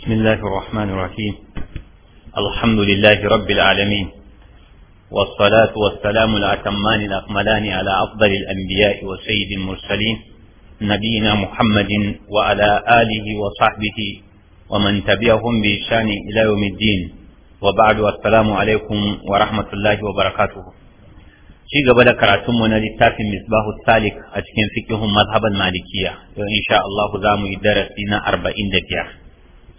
بسم الله الرحمن الرحيم الحمد لله رب العالمين والصلاة والسلام الأتمان الأكملان على أفضل الأنبياء وسيد المرسلين نبينا محمد وعلى آله وصحبه ومن تبعهم بإحسان إلى يوم الدين وبعد السلام عليكم ورحمة الله وبركاته شيء قبل كراتم ونالتاف مصباح السالك أتكن فكهم مذهب المالكية وإن شاء الله ذا مدرسين أربعين دقيقة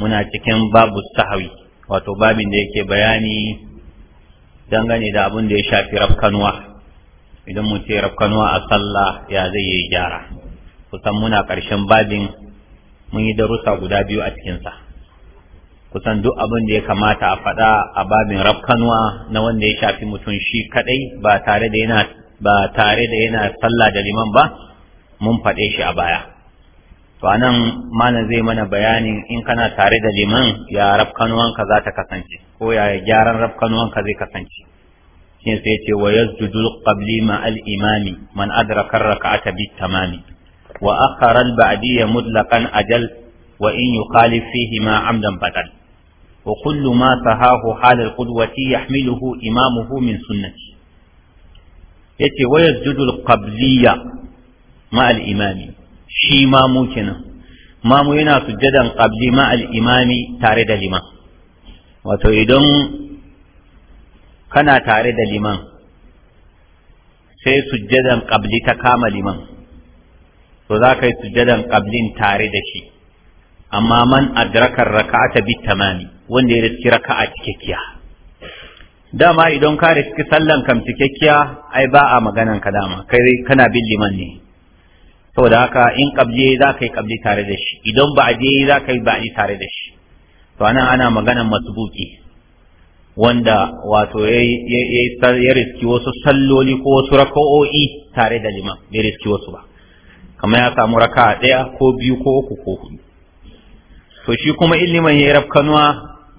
muna cikin babu sahawi wato babin da yake bayani dangane da abin da ya shafi rafkanuwa idan mu ce rafkanuwa a sallah ya zai yi gyara kusan muna ƙarshen babin mun yi darussa guda biyu a cikinsa kusan duk abin da ya kamata a faɗa a babin rafkanuwa na wanda ya shafi mutum shi kaɗai ba tare da yana ba tare da yana sallah da liman ba mun faɗe shi a baya to nan malam zai mana bayanin in kana tare da liman ya rafkanuwanka za ta kasance ko ya gyaran rafkanuwanka zai kasance shi sai ce wa yasjudu qabli ma al imami man adraka rak'ata bi tamami wa akhara al ba'diyya mutlaqan ajal wa in yukhalif fihi ma amdan badal wa kullu ma sahahu hal al qudwati yahmiluhu imamuhu min sunnati yace wa yasjudu al qabliya ma al imami shi mamu kenan mamu yana sujjadan qabli ma tare da liman wato idan kana tare da liman sai sujjadan qabli ta kama liman to za ka yi sujjadan qablin tare da shi amma man adrakar raka'ata bi tamami wanda ya riski raka'a cikakkiya dama idan ka riski sallan kam cikakkiya ai ba a maganan ka dama kai kana bin liman ne saboda haka in kabje za ka yi kabje tare da shi idan ba a je za ka yi ba'adi tare da shi to anan ana maganan masbuki wanda wato ya riski wasu salloli ko wasu raka'o'i tare da liman ya riski wasu ba kamar ya samu raka ɗaya ko biyu ko uku ko hudu to shi kuma in liman ya yi rafkanuwa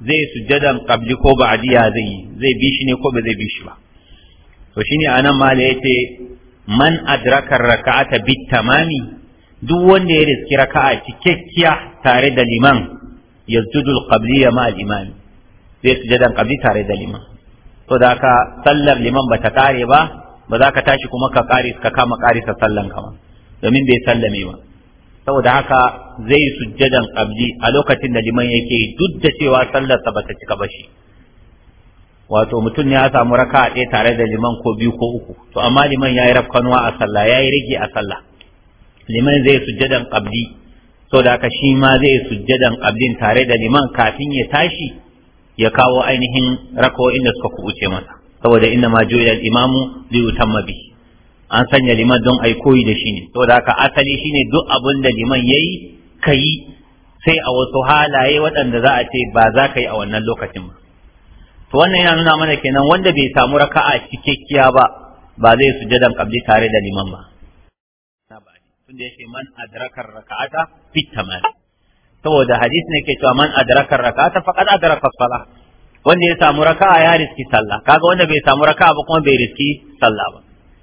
zai sujjadan kabli ko ba'adiya zai yi zai bi shi ne ko ba zai bi shi ba to shine anan ma ya ce. man adraka raka'ata bit tamami duk wanda ya riski raka'a cikakkiya tare da liman yasjudul qabliya ma al imam zai sujadan qabli tare da liman to da ka sallar liman ba ta kare ba ba za ka tashi kuma ka kare ka kama karisa sallan ka ba domin bai sallame ba saboda haka zai sujjadan qabli a lokacin da liman yake duk da cewa sallarsa ta cika ba shi wato mutum ne ya samu raka a ɗaya tare da liman ko biyu ko uku to amma liman ya yi rafkanuwa a sallah ya yi rage a sallah liman zai sujjadan qabli so da ka shi ma zai sujjadan qablin tare da liman kafin ya tashi ya kawo ainihin rako inda suka kubuce masa saboda inna ma juyal imamu li yutamma bi an sanya liman don ai koyi da shi ne to da ka asali shine duk abin da liman yayi kayi sai a wasu halaye waɗanda za a ce ba za ka yi a wannan lokacin ba to wannan yana nuna mana kenan wanda bai samu raka'a cikakkiya ba ba zai sujadan kabli tare da liman ba da yake man adrakar raka'ata fit tamam saboda hadisi ne ke cewa man adrakar raka'ata faqad adraka salla wanda ya samu raka'a ya riski sallah kaga wanda bai samu raka'a ba kuma bai riski sallah ba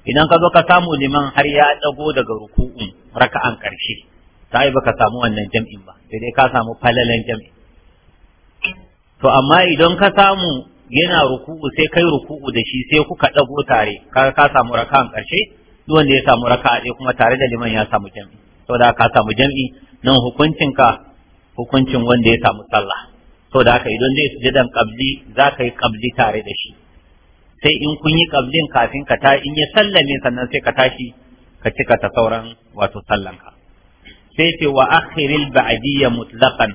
idan ka zo ka samu liman har ya dago daga ruku'un raka'an karshe sai baka samu wannan jam'in ba sai dai ka samu falalan jam'in to amma idan ka samu yana ruku'u sai kai ruku'u da shi sai kuka dago tare ka ka samu raka'an karshe wanda ya samu raka'a dai kuma tare da liman ya samu jami saboda ka samu jam'i nan hukuncin ka hukuncin wanda ya samu sallah saboda haka idan zai sujudan qabli za ka yi qabli tare da shi sai in kun yi qablin kafin ka ta in ya sallame sannan sai ka tashi ka cika ta sauran wato sallanka sai ce wa akhiril ba'diyya mutlaqan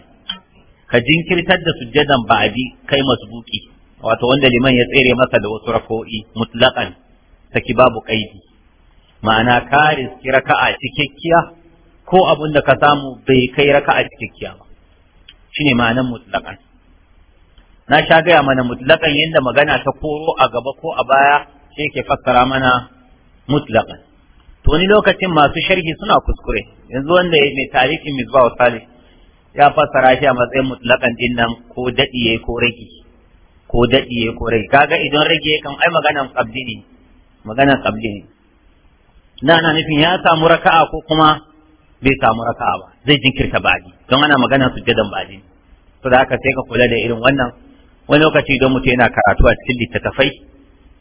ka jinkirtar da sujjadan ba'di kai masbuki wato wanda liman ya tsere masa da wasu rako'i mutlaƙan saki babu ƙaidi ma'ana ka riski raka'a cikakkiya ko abin da ka samu bai kai raka'a cikakkiya ba shine ma'anan mutlaƙan na sha gaya mana mutlaƙan yadda magana ta koro a gaba ko a baya shi ke fassara mana mutlaƙan to wani lokacin masu sharhi suna kuskure yanzu wanda ya mai tarihin misbah salih ya fassara shi a matsayin mutlaƙan din nan ko daɗiye ko rage ko daɗi ya ko rai kaga idan rage kan ai maganan kabdi ne maganan kabdi ne na na nufin ya samu raka'a ko kuma bai samu raka'a ba zai jinkirta baji don ana maganan sujjadan baji to da haka sai ka kula da irin wannan wani lokaci don mutum yana karatu a cikin littattafai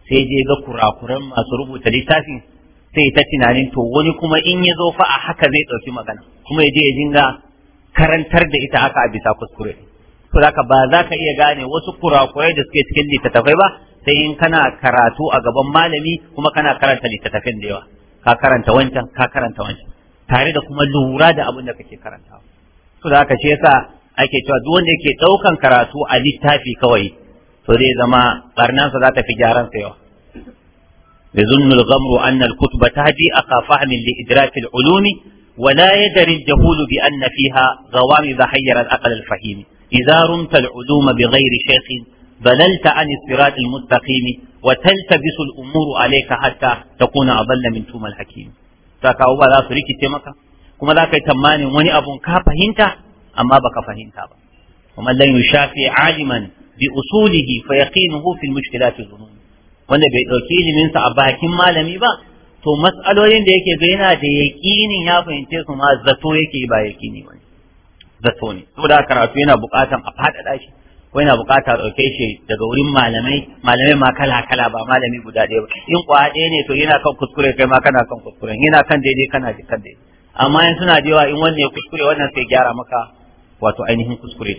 sai je ga kurakuran masu rubuta littafin sai ta tunanin to wani kuma in ya zo fa a haka zai ɗauki magana kuma ya je ya dinga karantar da ita haka a bisa kuskure to zaka ba za ka iya gane wasu kurakurai da suke cikin littattafai ba sai in kana karatu a gaban malami kuma kana karanta littattafin da yawa ka karanta wancan ka karanta wancan tare da kuma lura da abin da kake karantawa to da aka ce yasa ake cewa duk wanda yake daukan karatu a littafi kawai to zai zama sa za ta fi gyaran sa yawa يظن الغمر أن الكتب تهدي أخا li idrakil ulumi ولا يدري الجهول بأن فيها غوامض حير الأقل الفهيم إذا رمت العلوم بغير شيخ بللت عن الصراط المستقيم وتلتبس الأمور عليك حتى تكون أضل من توم الحكيم فكأوبا لا فريك تمك كما لا كيتماني وني أبون كافهنت أما بك فهنت ومن لن يشافي عالما بأصوله فيقينه في المشكلات الظنون وانا بيقيل من سأبا حكيم ما لم يبقى to mas'alolin da yake ga yana da yaƙinin ya fahimce su ma zato yake ba yaƙini ba zato ne saboda karatu yana buƙatan a faɗaɗa shi ko yana buƙatar ɗauke shi daga wurin malamai malamai ma kala kala ba malami guda ɗaya ba in kwa ɗaya ne to yana kan kuskure kai ma kana kan kuskure yana kan daidai kana kan daidai amma in suna da yawa in wannan ya kuskure wannan sai gyara maka wato ainihin kuskure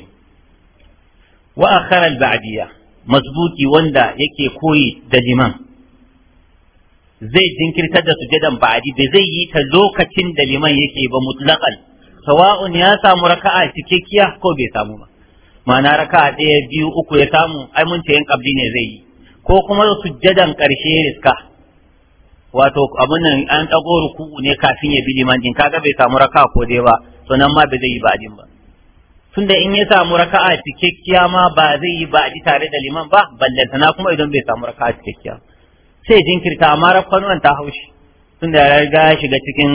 wa akhara al-ba'diyya mazbuti wanda yake koyi da liman zai jinkirtar da sujadan ba'adi ba zai yi ta lokacin da liman yake ba mutlaqan sawa'un ya samu raka'a cikakkiya ko bai samu ba ma'ana raka'a ɗaya biyu uku ya samu ai mun ce yin kabli ne zai yi ko kuma sujadan karshe riska wato abin nan an dago ruku'u ne kafin ya bi liman din kaga bai samu raka'a ko dai ba to nan ma bai zai yi ba'adin ba tunda in ya samu raka'a cikakkiya ma ba zai yi ba'adi tare da liman ba ballantana kuma idan bai samu raka'a cikakkiya ba sai jinkirta amma rafkanuwan ta haushi tun da ya riga ya shiga cikin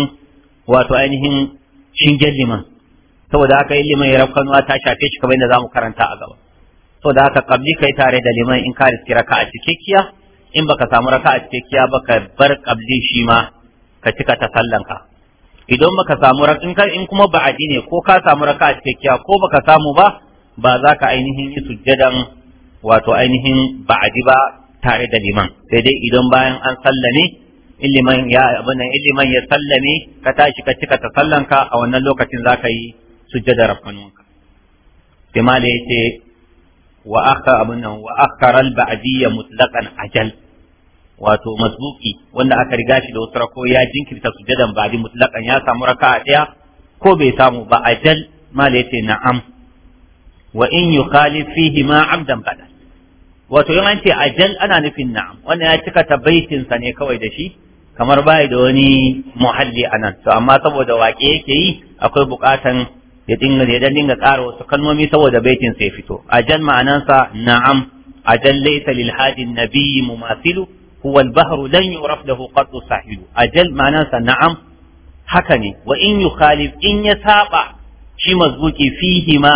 wato ainihin shingen liman saboda haka yi liman ya rafkanuwa ta shafe shi kamar yadda za mu karanta a gaba saboda haka kabli kai tare da liman in ka riski raka a cikakkiya in baka samu raka a cikakkiya ba ka bar kabli shi ma ka cika ta sallanka idan baka samu raka in kuma ba'adi ne ko ka samu raka a cikakkiya ko baka samu ba ba za ka ainihin yi sujjadan wato ainihin ba'adi ba tare da liman sai dai idan bayan an sallame illiman ya abin in ya sallame ka tashi ka cika ta sallanka a wannan lokacin za ka yi sujjada rafkanunka sai ma yace wa aka abin wa akhara al ba'diyya mutlaqan ajal wato masbuki wanda aka riga shi da wasu rako ya jinkirta sujjadan ba'di mutlaqan ya samu raka'a daya ko bai samu ba ajal ma yace na'am wa in yukhalif fihi ma amdan bada wato yawanci an ce ajal ana nufin na'am wannan ya cika tabaitin sa ne kawai da shi kamar bai da wani muhalli anan to amma saboda waƙe yake yi akwai buƙatan ya dinga ya dinga ƙara wasu kalmomi saboda baitin sai fito ajal ma'anansa na'am ajal laysa lil hadi nabiy mumathilu huwa al bahru lan yuraf lahu qattu sahilu ajal ma'anansa na'am haka ne wa in yukhalif in ya saba shi mazbuki fihi ma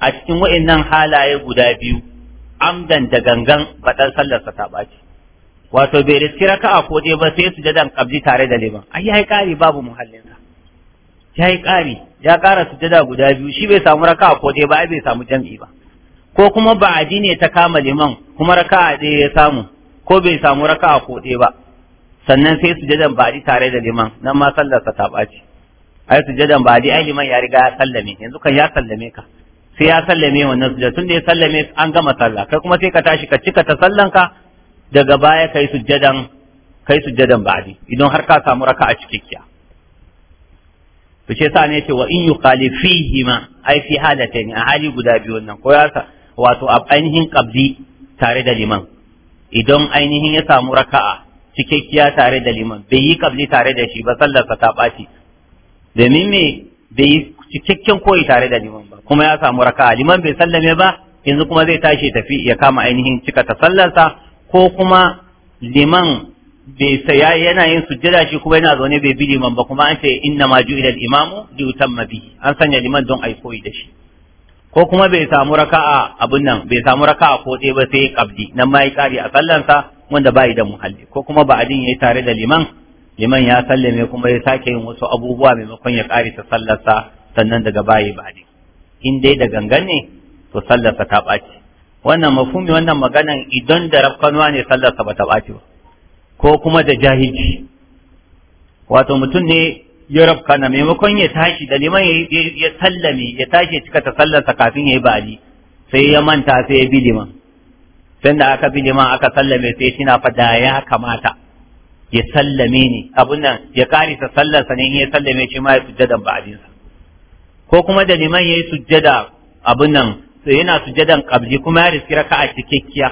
a cikin wa'annan halaye guda biyu amdan da gangan faɗar sallarsa ta ɓaci wato bai riski raka'a ko dai ba sai su jadan kabli tare da liman ai yi ƙari babu muhallinsa yi ƙari ya ƙara jada guda biyu shi bai samu raka'a ko dai ba ai bai samu jam'i ba ko kuma ba'adi ne ta kama liman kuma raka'a ɗaya ya samu ko bai samu raka'a ko ɗaya ba sannan sai sujadan ba'adi tare da liman nan ma sallarsa ta ɓaci ai sujadan ba'adi ai liman ya riga ya sallame yanzu kan ya sallame ka sai ya sallame wannan da tunda ya sallame an gama sallah kai kuma sai ka tashi ka cika ta sallanka daga baya kai sujjadan kai sujjadan ba'di idan har ka samu a cikakkiya to sai sa ne ce wa in ma ai fi halatayn a hali guda biyu nan ko ya sa wato a ainihin qabdi tare da liman idan ainihin ya samu raka'a cikakkiya tare da liman bai yi qabli tare da shi ba sallarsa ta ɓaci domin me bai cikakken koyi tare da liman ba kuma ya samu raka liman bai sallame ba yanzu kuma zai tashi tafi ya kama ainihin cika ta sallarsa ko kuma liman bai saya yana yin sujjada shi kuma yana zaune bai bi liman ba kuma an ce inna ma ju'ila al-imamu li yutamma an sanya liman don ai koyi da shi ko kuma bai samu raka'a abun nan bai samu raka'a ko ɗaya ba sai kabdi nan ma yi kare a sallarsa wanda bai da muhalli ko kuma ba adin yayi tare da liman liman ya sallame kuma ya sake yin wasu abubuwa maimakon ya kare ta sallarsa sannan daga baya ne in dai da gangan ne to sallarsa ta ɓaci wannan mafumi wannan maganan idan da rafkanuwa ne sallarsa ba ta ɓaci ba ko kuma da jahilci wato mutum ne ya rafkana maimakon ya tashi da liman ya sallame ya tashi ya cika ta sallarsa kafin ya yi ba'adi sai ya manta sai ya bi liman sai da aka bi liman aka sallame sai shi na fada ya kamata ya sallame ni abun nan ya karisa sallarsa ne in ya sallame shi ma ya fi jadan ba'adinsa ko kuma da liman yayi sujjada abun nan sai yana sujjadan kabji kuma ya riski a cikakkiya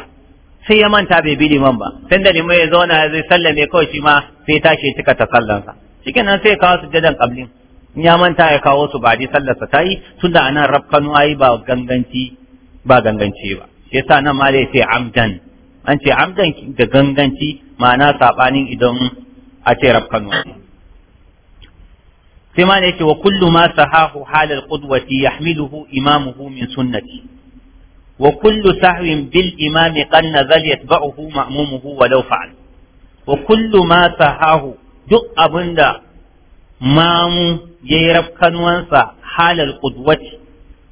sai ya manta bai bi liman ba sai da liman ya zauna zai sallame kawai shi ma sai tashi cika ta sallansa nan sai ya kawo sujjadan kablin in ya manta ya kawo su ba dai sallarsa ta yi tunda anan rabkanu ayi ba ganganci ba ganganci ba shi yasa nan ma sai amdan an ce amdan da ganganci ma'ana sabanin idan a ce rabkanu sai ma ne yake wa kullu ma sahahu halal qudwati yahmiluhu imamuhu min sunnati wa kullu sahwin bil imami qanna zal yatba'uhu ma'mumuhu walau fa'al wa kullu ma sahahu duk abinda mamu yayi rafkanuwansa halal qudwati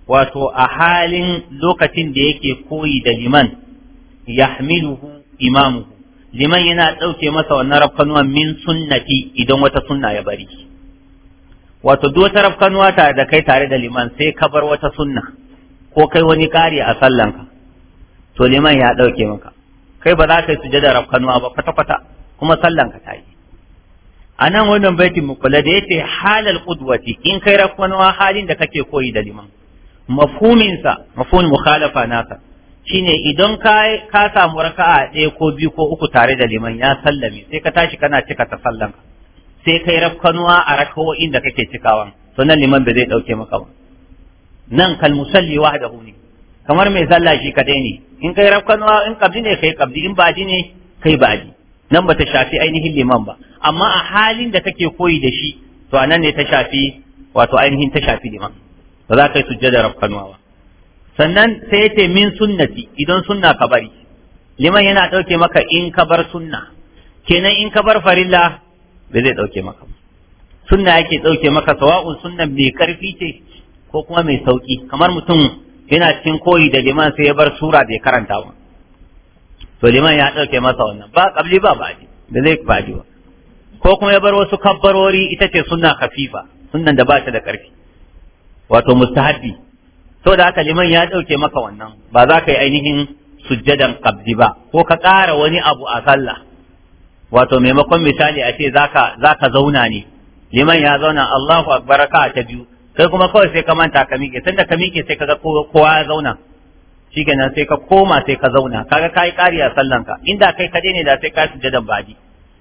wato a halin lokacin da yake koyi da liman yahmiluhu imamuhu liman yana ɗauke masa wannan rafkanuwan min sunnati idan wata sunna ya bari wato duk wata rafkanuwa ta da kai tare da liman sai ka bar wata sunna ko kai wani kari a sallanka to liman ya dauke maka kai ba za ka yi sujada rafkanuwa ba kwata-kwata kuma sallanka ta yi a nan wannan baitin kula da yace halal qudwati in kai rafkanuwa halin da kake koyi da liman sa mafhumin mukhalafa nasa shine idan ka ka samu raka'a ɗaya ko biyu ko uku tare da liman ya sallame sai ka tashi kana cika ta sallanka sai kai rafkanuwa a rakawo'in da kake cikawa nan liman bai zai dauke maka ba nan kal musalli wahdahu ne kamar mai sallah shi kadai ne in kai rafkanuwa in kabdi ne kai kabdi in baji ne kai baji nan bata shafi ainihin liman ba amma a halin da kake koyi da shi to anan ne ta shafi wato ainihin ta shafi liman ba za ka yi sujjada rafkanuwa ba sannan sai ya ce min sunnati idan sunna ka bari liman yana ɗauke maka in ka bar sunna kenan in ka bar farilla ba zai ɗauke maka sunna yake ɗauke maka sawa'un sunnan mai karfi ce ko kuma mai sauki kamar mutum yana cikin koyi da liman sai ya bar sura bai karanta ba to liman ya ɗauke masa wannan ba ƙabli ba baji da zai baji ba ko kuma ya bar wasu kabbarori ita ce sunna kafifa sunnan da ba ta da ƙarfi. wato mustahabbi to da haka liman ya ɗauke maka wannan ba za ka yi ainihin sujjadan ƙabdi ba ko ka ƙara wani abu a sallah wato maimakon misali a ce zaka zaka zauna ne liman ya zauna Allahu akbar ka ta biyu kai kuma kawai sai ka manta ka miƙe sanda ka miƙe sai kaga kowa ya zauna shikenan sai ka koma sai ka zauna kaga kai kariya a sallanka inda kai kaje ne da sai ka dan baji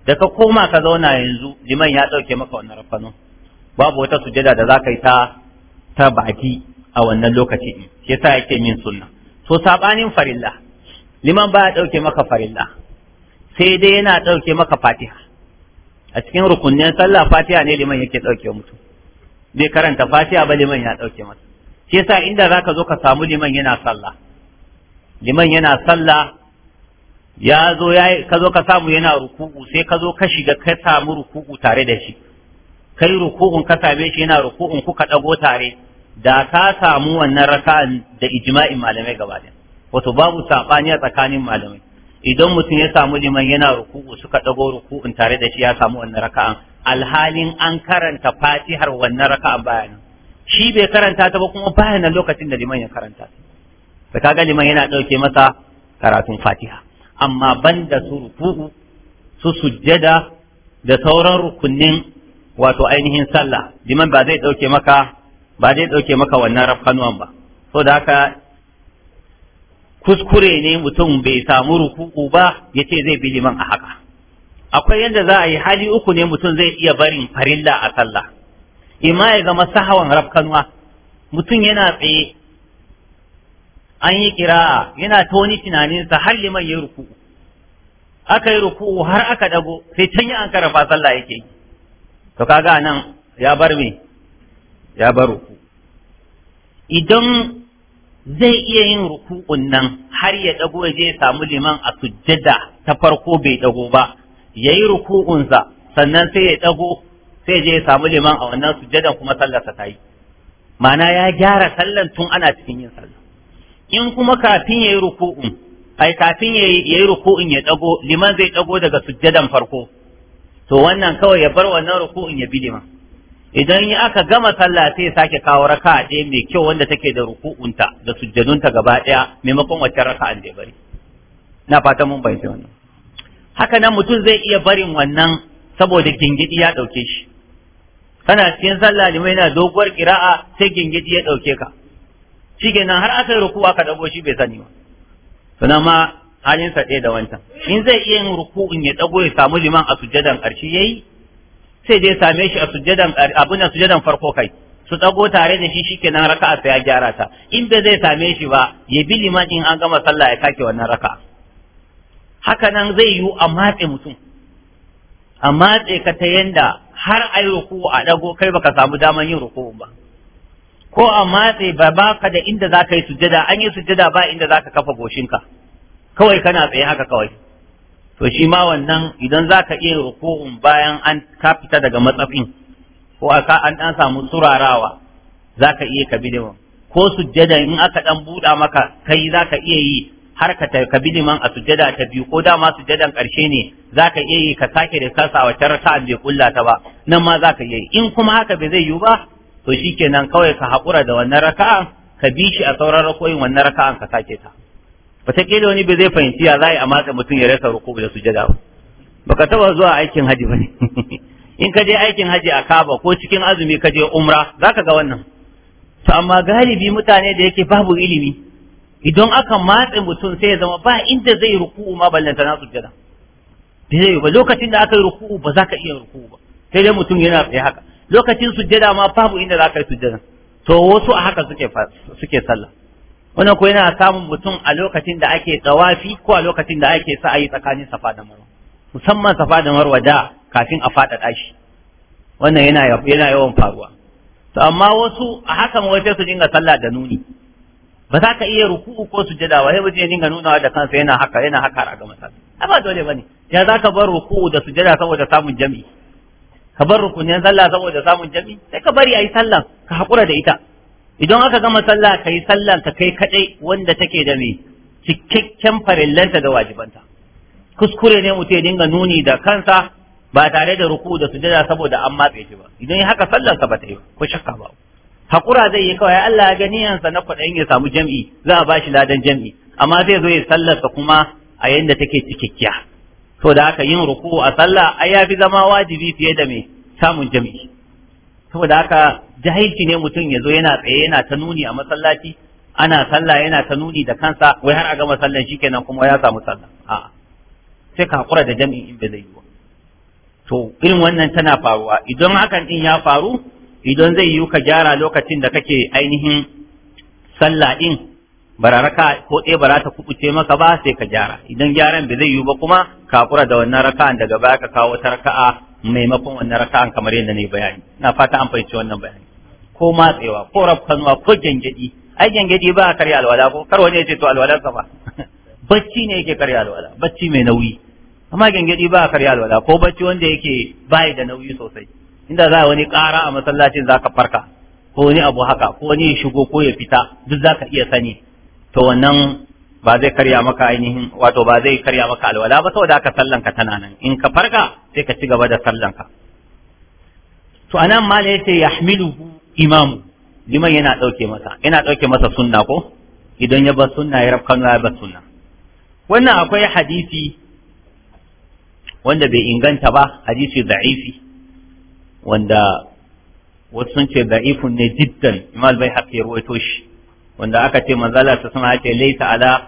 da ka koma ka zauna yanzu liman ya ɗauke maka wannan rafano babu wata sujada da za ka yi ta ta baki a wannan lokaci shi yasa yake min sunna to sabanin farilla liman baya ɗauke maka farilla sai dai yana ɗauke maka fatiha a cikin rukunin sallah fatiha ne liman yake ɗauke mutum bai karanta fatiha ba liman ya ɗauke masa shi yasa inda zaka zo ka samu liman yana sallah liman yana sallah ya zo ya ka zo ka samu yana ruku'u sai ka zo ka shiga ka samu ruku'u tare da shi kai ruku'un ka same shi yana ruku'un kuka ɗago tare da ka samu wannan raka'an da ijma'in malamai gaba ɗaya wato babu saɓani a tsakanin malamai idan mutum ya samu liman yana ruku'u suka dago ruku'un tare da shi ya samu wannan raka'an alhalin an karanta fatihar wannan raka'an bayanan shi bai karanta ta ba kuma nan lokacin da liman ya karanta ta kaga liman yana ɗauke masa karatun fatiha amma banda su ruku'u su sujjada da sauran rukunin wato ainihin sallah liman ba zai ɗauke maka ba zai ɗauke maka wannan rafkanuwan ba so da haka kuskure ne mutum bai samu ruku'u ba yace zai bi liman a haka akwai yadda za a yi hali uku ne mutum zai iya barin farilla a sallah imma ya zama sahawan rafkanuwa mutum yana tsaye an yi kira'a yana ta wani tunaninsa har liman ya ruku'u aka yi ruku'u har aka dago sai can yi an karafa sallah yake yi to kaga nan ya bar me ya bar ruku idan zai iya yin ruku'un nan har ya dago ya je ya samu liman a sujjada ta farko bai dago ba yayi ruku'unsa sannan sai ya dago sai je samu liman a wannan sujjadan kuma sallarsa ta yi ma'ana ya gyara sallan tun ana cikin yin sallah in kuma kafin yayi ruku'un ai kafin yayi ruku'un ya dago liman zai dago daga sujjadan farko to wannan kawai ya bar wannan ruku'un ya bi liman idan aka gama sallah sai sake kawo a ɗaya mai kyau wanda take da ruku'unta da sujjadunta gaba ɗaya maimakon wacce raka an bari na fata mun bai wannan haka nan mutum zai iya barin wannan saboda gingidi ya ɗauke shi kana cikin sallah limai na doguwar kira'a sai gingidi ya ɗauke ka nan har aka yi ruku'a ka ɗago shi bai sani ba sannan ma halinsa ɗaya da wancan in zai iya yin ruku'un ya ɗago ya samu liman a sujjadan ƙarshe yayi sai dai same shi a sujjadan abin da sujjadan farko kai su tsago tare da shi shikenan raka'a sai ya gyara ta in bai zai same shi ba ya bi liman in an gama sallah ya kake wannan raka'a haka nan zai yiwu a matse mutum a matse ka ta yanda har ayi ruku a dago kai baka samu daman yin ruku ba ko a matse ba baka da inda za ka yi sujjada an yi sujjada ba inda za ka kafa goshinka kawai kana tsaye haka kawai to shi ma wannan idan za ka iya rukun bayan an ka fita daga matsafin ko aka an dan samu surarawa za ka iya ka kabidewa ko sujjada in aka dan buɗa maka kai za ka iya yi har ka kabili man a sujjada ta biyu ko dama sujjadan ƙarshe ne za ka iya yi ka sake da kasa a wata raka'an bai kulla ta ba nan ma za ka iya yi in kuma haka bai zai yiwu ba to shi shikenan kawai ka haƙura da wannan raka'a ka bi shi a sauran rakoyin wannan raka'an ka sake ta wataƙila wani bai zai fahimci ya za a matsa mutum ya rasa ruku da sujada ba baka taba zuwa aikin haji ba ne in ka je aikin haji a kaba ko cikin azumi ka je umra za ka ga wannan to amma galibi mutane da yake babu ilimi idan aka matse mutum sai ya zama ba inda zai ruku ma ballanta na sujada da zai ba lokacin da aka yi ruku'u ba za ka iya ruku ba sai dai mutum yana tsaye haka lokacin sujada ma babu inda za ka yi sujada to wasu a haka suke suke sallah wannan ko yana samun mutum a lokacin da ake tsawafi ko a lokacin da ake sa yi tsakanin safa da marwa musamman safa da marwa da kafin a faɗaɗa shi wannan yana yana yawan faruwa to amma wasu a hakan wace su dinga sallah da nuni ba za ka iya ruku'u ko sujada ba sai mutum ya dinga nunawa da kansa yana haka yana haka a ga masallaci ba dole bane ya za ka bar ruku'u da sujada saboda samun jami'i ka bar rukunin sallah saboda samun jami'i sai ka bari ayi sallah ka haƙura da ita idan aka gama sallah kai sallah ka kai kadai wanda take da me cikakken farillanta da wajibanta kuskure ne mutum ya dinga nuni da kansa ba tare da ruku da sujada saboda an matse shi ba idan ya haka sallar ka ba ta yi ko shakka ba hakura zai yi kawai Allah ya gani yansa na kwaɗayin ya samu jam'i za a bashi ladan jam'i amma zai zo ya sallarsa kuma a yanda take cikakkiya to da haka yin ruku a sallah ai ya fi zama wajibi fiye da me samun jam'i saboda haka jahilci ne mutum ya zo yana tsaye yana ta nuni a masallaci ana sallah yana ta nuni da kansa wai har a gama sallan shikenan kuma ya samu sallah a sai ka hakura da jami'in in bai zai ba to irin wannan tana faruwa idan hakan din ya faru idan zai yiwu ka gyara lokacin da kake ainihin sallah din bararaka ko ɗaya bara ta kubuce maka ba sai ka gyara idan gyaran bai zai yiwu ba kuma ka hakura da wannan raka'an daga baya ka kawo wata raka'a maimakon wannan raka'an kamar yadda na yi bayani na fata an fahimci wannan bayani ko matsewa ko rafkanuwa ko gyangyaɗi ai gyangyaɗi ba a karya alwala ko kar wani ya ce to alwala sa ba bacci ne yake karya alwala bacci mai nauyi amma gyangyaɗi ba a karya alwala ko bacci wanda yake bayi da nauyi sosai inda za wani ƙara a masallacin za ka farka ko wani abu haka ko wani ya shigo ko ya fita duk za ka iya sani to wannan ba zai karya maka ainihin wato ba zai karya maka alwala ba saboda haka sallanka tana nan in ka farka sai ka ci gaba da sallanka to anan ma ya hamilu. imamu liman yana ɗauke masa yana ɗauke masa sunna ko idan ya ba sunna ya rabkanu ya ba sunna wannan akwai hadisi wanda bai inganta ba hadisi da'ifi wanda wasu sun ce da'ifun ne jiddan imal bai haƙi ruwaito shi wanda aka ce manzala ta sama ce laisa ala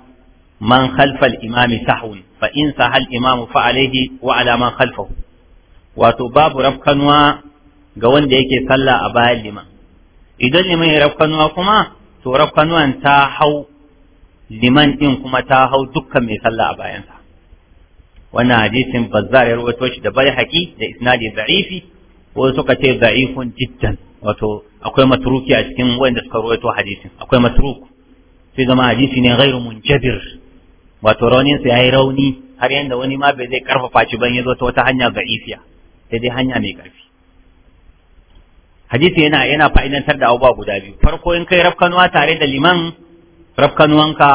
man khalfal imami sahun fa in sahal imamu fa alaihi wa ala man khalfahu wato babu rafkanuwa ga wanda yake sallah a bayan liman idan ne mai rafkanuwa kuma to rafkanuwan ta hau liman din kuma ta hau dukkan mai sallah a bayansa wannan hadisin bazzar ya rubuta shi da haƙi da isnadi za'ifi ko suka ce za'ifun jiddan wato akwai matruki a cikin wanda suka rubuta hadisin akwai matruk sai zama hadisi ne gairu munjabir wato raunin sa yayi rauni har yanda wani ma bai zai karfafa shi ban yazo ta wata hanya za'ifiya sai dai hanya mai karfi hadisi yana yana fa'idantar da abubuwa guda biyu farko in kai rafkanuwa tare da liman rafkanuwanka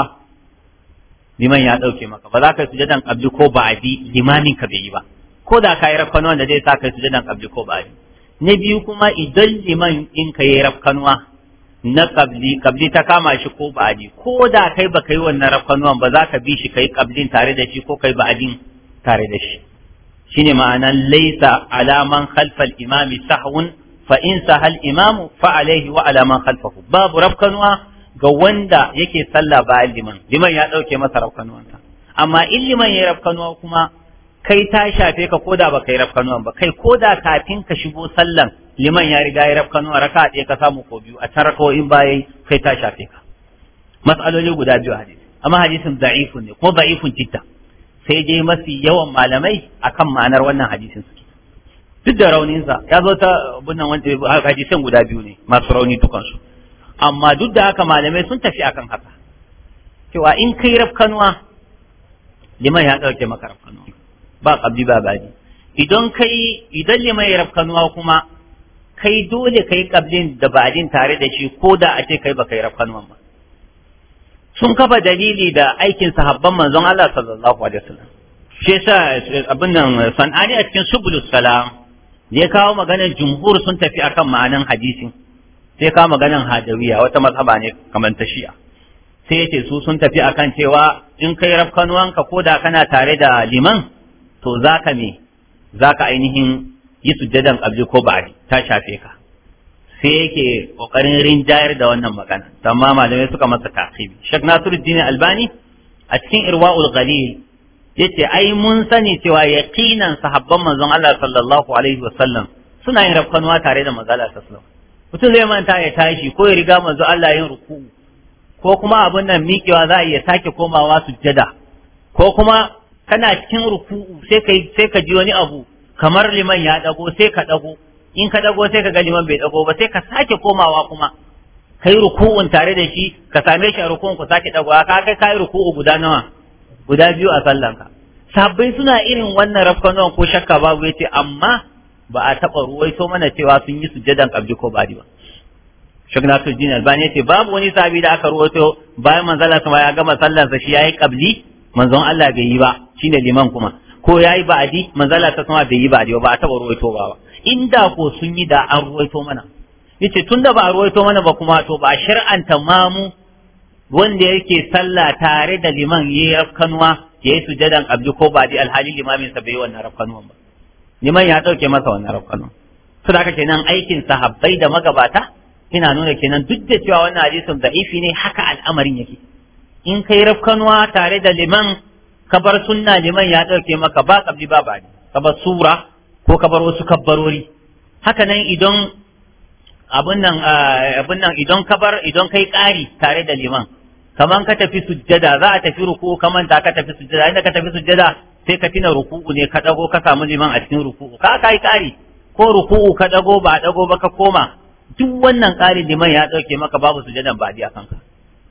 liman ya dauke maka ba za ka yi sujadan qabli ko ba'di limamin ka bai yi ba ko da ka yi rafkanuwa da zai sa ka yi sujadan qabli ko ba'di na biyu kuma idan liman in ka yi rafkanuwa na kabli kabli ta kama shi ko bi ko da kai ba kai wannan rafkanuwan ba za ka bi shi kai qablin tare da shi ko kai ba'adin tare da shi shine ma'anan laisa alaman khalfal imami sahwun fa in sahal imamu fa alaihi wa ala man khalfahu babu rafkanuwa ga wanda yake sallah bayan liman liman ya dauke masa rafkanuwanta amma in liman ya rafkanuwa kuma kai ta shafe ka koda ba kai rafkanuwan ba kai koda kafin ka shigo sallan liman ya riga ya rafkanuwa raka ɗaya ka samu ko biyu a can rakawoyin baya kai ta shafe ka mas'aloli guda biyu hadisi amma hadisin da'ifun ne ko da'ifun jidda sai dai mafi yawan malamai akan ma'anar wannan hadisin suke duk da rauninsa ya zo ta bunan wanda hadisan guda biyu ne masu rauni dukansu amma duk da haka malamai sun tafi akan haka cewa in kai rafkanuwa liman ya dauke maka rafkanuwa ba ƙabdi ba badi idan kai idan liman ya rafkanuwa kuma kai dole kai ƙablin da badin tare da shi ko da a ce kai ba kai rafkanuwan ba sun kafa dalili da aikin sahabban manzon Allah sallallahu alaihi wasallam shi yasa abin nan sanani a cikin subulus salam ya kawo maganar jumhur sun tafi akan ma'anan hadisin sai kawo maganar hadawiya wata mazhaba ne kamar ta shi'a sai yace su sun tafi akan cewa in kai rafkanuwanka ko da kana tare da liman to zaka me zaka ainihin yi sujjadan abdi ko ba'di ta shafe ka sai yake kokarin rinjayar da wannan magana amma malamai suka masa taqibi Sheikh Nasiruddin Albani a cikin Irwaul Ghalil yace ai mun sani cewa yaqinan sahabban manzon Allah sallallahu alaihi wasallam suna yin rafkanuwa tare da manzon Allah sallallahu mutum zai manta ya tashi ko ya riga manzon Allah yin ruku'u ko kuma abin nan miƙewa za a iya sake komawa sujjada ko kuma kana cikin ruku'u sai ka sai ka ji wani abu kamar liman ya dago sai ka dago in ka dago sai ka ga liman bai dago ba sai ka sake komawa kuma kai ruku'un tare da shi ka same shi a ruku'un ku sake dago ka kai kai ruku'u guda nawa guda biyu a sallanka Sabai suna irin wannan rafkanuwan ko shakka babu ya ce amma ba a taɓa ruwaito mana cewa sun yi sujjadan kabli ko badi ba su jini Albani ce babu wani sabi da aka ruwa so bayan manzon sama ya gama sallansa shi yi kabli manzon Allah bai yi ba shi ne liman kuma ko ya yi ba'adi manzon Allah sama bai yi ba'adi ba a taba so ba inda ko sun yi da an so mana ce tun da ba a so mana ba kuma to ba a shir'anta mamu wanda yake sallah tare da liman yi rafkanuwa yi sujadan abdu ko ba alhali limamin sa bai wannan rafkanuwan ba liman ya dauke masa wannan rafkanuwan su da kenan aikin sahabbai da magabata ina nuna kenan duk da cewa wannan hadisin da'ifi ne haka al'amarin yake in kai rafkanuwa tare da liman kabar sunna liman ya dauke maka ba kabli ba ba bar sura ko ka bar wasu kabbarori haka nan idan abun nan ah, abun ka idan kabar idan kai ƙari tare da liman kaman ka tafi sujjada za a tafi ruku kaman manta ka tafi sujjada inda ka tafi sujjada sai ka tina ruku'u ne ka dago ka samu liman a cikin ruku'u ka kai kari ko ruku'u ka dago ba dago ba ka koma duk wannan ƙarin liman ya dauke maka babu sujjadan ba'di a kanka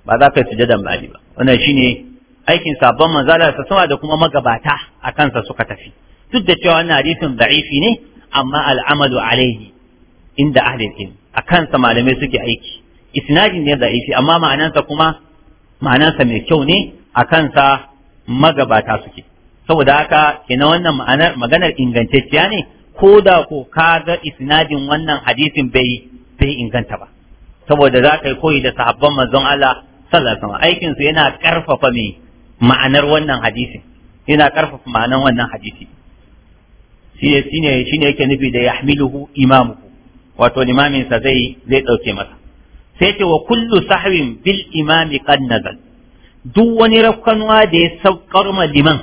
ba za ka yi sujjadan ba wannan shine aikin sabon manzala da sama da kuma magabata a kansa suka tafi duk da cewa wannan hadisin da'ifi ne amma al'amalu alaihi inda ahlil ilm a kansa malamai suke aiki isnadin ne da'ifi amma ma'anansa kuma ma'anarsa mai kyau ne a kansa magabata suke saboda haka ina wannan ma'anar maganar ingantacciya ne ko da ko ka ga isnadin wannan hadisin bai bai inganta ba saboda za ka yi koyi da sahabban manzon Allah sallallahu alaihi aikinsu aikin su yana karfafa mai ma'anar wannan hadisin yana karfafa ma'anar wannan hadisi Shi shine yake nufi da yahmiluhu imamuhu wato limamin sa zai zai dauke masa sai ce wa kullu sahwin bil imami kan nazal duk wani rafkanuwa da ya saukar ma liman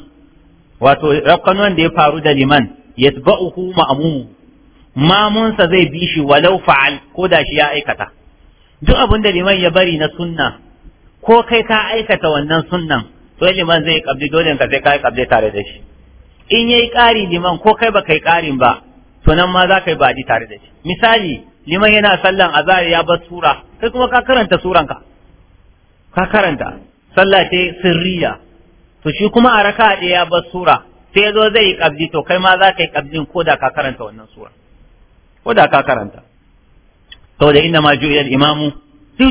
wato rafkanuwan da ya faru da liman uku ma'mum mamunsa zai bi shi walau fa'al ko da shi ya aikata duk abin da liman ya bari na sunna ko kai ka aikata wannan sunnan to liman zai kabdi dole ka sai kai kabdi tare da shi in yayi ƙari liman ko kai ba kai ƙarin ba to nan ma za ka yi baji tare da shi misali liman yana sallan azhar ya bar sura kai kuma ka karanta suranka ka karanta sallah ce sirriya to shi kuma a raka ɗaya ya bar sura sai yazo zai yi kabdi to kai ma za ka yi kabdin ko da ka karanta wannan sura ko da ka karanta to da inna ma ju ila imamu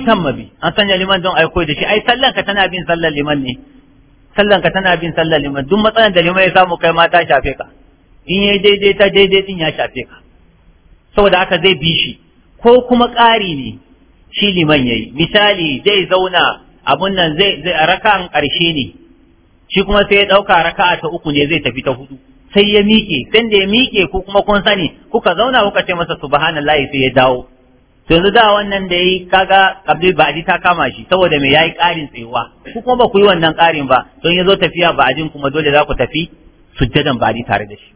tamma bi an sanya liman don aiko da shi ai sallan ka tana bin sallan liman ne sallan ka tana bin sallan liman duk matsalan da liman ya samu kai ma ta shafe ka in yayi daidai ta daidai din ya shafe ka saboda haka zai bi shi ko kuma ƙari ne shi liman ya yi. misali zai zauna abun nan zai rakan ƙarshe ne shi kuma sai ya ɗauka raka'a ta uku ne zai tafi ta hudu sai ya miƙe sai da ya miƙe ko kuma kun sani kuka zauna kuka ce masa su subhanallahi sai ya dawo to yanzu da wannan da yayi kaga Abdul Ba'di ta kama shi saboda me yayi ƙarin tsayuwa ku kuma ba ku yi wannan ƙarin ba don ya zo tafiya Ba'din kuma dole za ku tafi sujjadan Ba'di tare da shi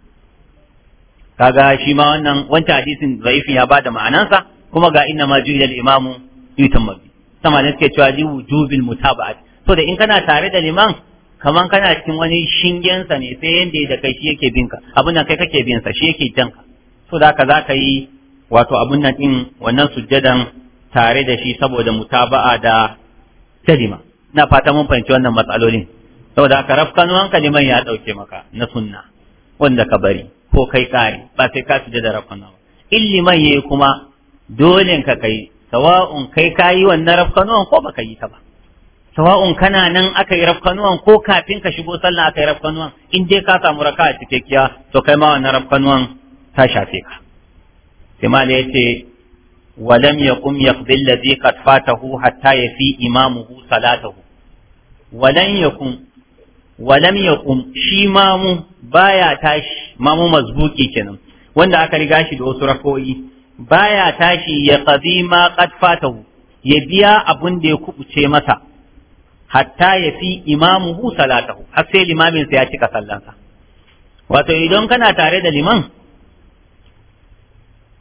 kaga shi ma wannan wancan hadisin zaifin ya bada ma'anansa kuma ga inna ma da al-imamu yutan mabi. sama ne suke cewa li wujubil mutaba'at to da in kana tare da liman kaman kana cikin wani shingen sa ne sai yanda da kai shi yake binka abin nan kai kake bin sa shi yake jan ka to da haka zaka yi wato abun nan din wannan sujjadan tare da shi saboda mutaba'a da kalima na fata mun fahimci wannan matsalolin saboda haka rafkanuwan kaliman ya dauke maka na sunna wanda ka bari ko kai kare ba sai ka sujjada rafkanuwa illiman yayi kuma dole ka kai sawa'un kai ka yi wannan rafkanuwan ko baka yi ta ba sawa'un kana nan aka yi rafkanuwan ko kafin ka shigo sallah aka yi rafkanuwan in dai ka samu raka a cikakkiya to kai ma wannan rafkanuwan ta shafe ka sai mala yace ولم يقم qad fatahu hatta yafi imamuhu يفي wa lam ولن wa lam yaqum shi mamu baya tashi mamu mazbuki kenan wanda aka riga shi da wasu rakoyi baya tashi ya qadi ma qad fatahu ya biya abun da ya kubuce masa hatta ya fi imamuhu salatahu har sai limamin sa ya cika sallansa wato idan kana tare da liman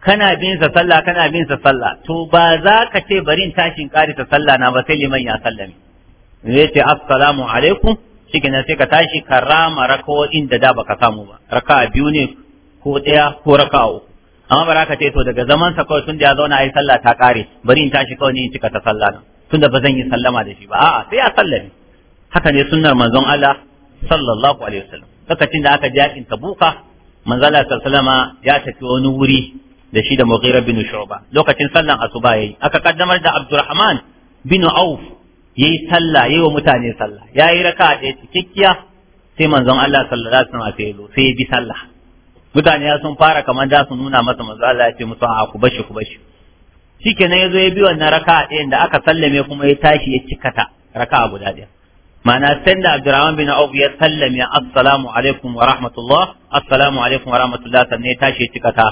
kana bin sa sallah kana bin sa sallah to ba za ka ce barin tashin kare ta sallah na ba sai liman ya sallame zai ce assalamu alaikum shi sai ka tashi ka rama rakawa da da baka samu ba raka biyu ne ko ɗaya ko raka uku amma ba ka ce to daga zaman sa kawai tun da ya zauna yi sallah ta kare bari in tashi kawai ni in cika ta sallah nan tun da ba zan yi sallama da shi ba a'a sai a sallame haka ne sunnar manzon Allah sallallahu alaihi wasallam lokacin da aka ji yakin tabuka manzon Allah sallallahu ya tafi wani wuri da shi da Mughira bin Shu'ba lokacin sallan asuba yayi aka kaddamar da Abdurrahman bin Auf yayi sallah yayi wa mutane sallah yayi raka'a ɗaya cikakkiya sai manzon Allah sallallahu alaihi wasallam sai ya bi sallah mutane ya sun fara kamar da su nuna masa manzo Allah ya ce musu a ku bashi ku bashi shikenan yazo ya bi wannan raka'a ɗayan da aka sallame kuma ya tashi ya cikata raka'a guda ɗaya ma'ana sai da Abdurrahman bin Auf ya sallame assalamu alaikum wa rahmatullah assalamu alaikum wa rahmatullah sannan ya tashi ya cikata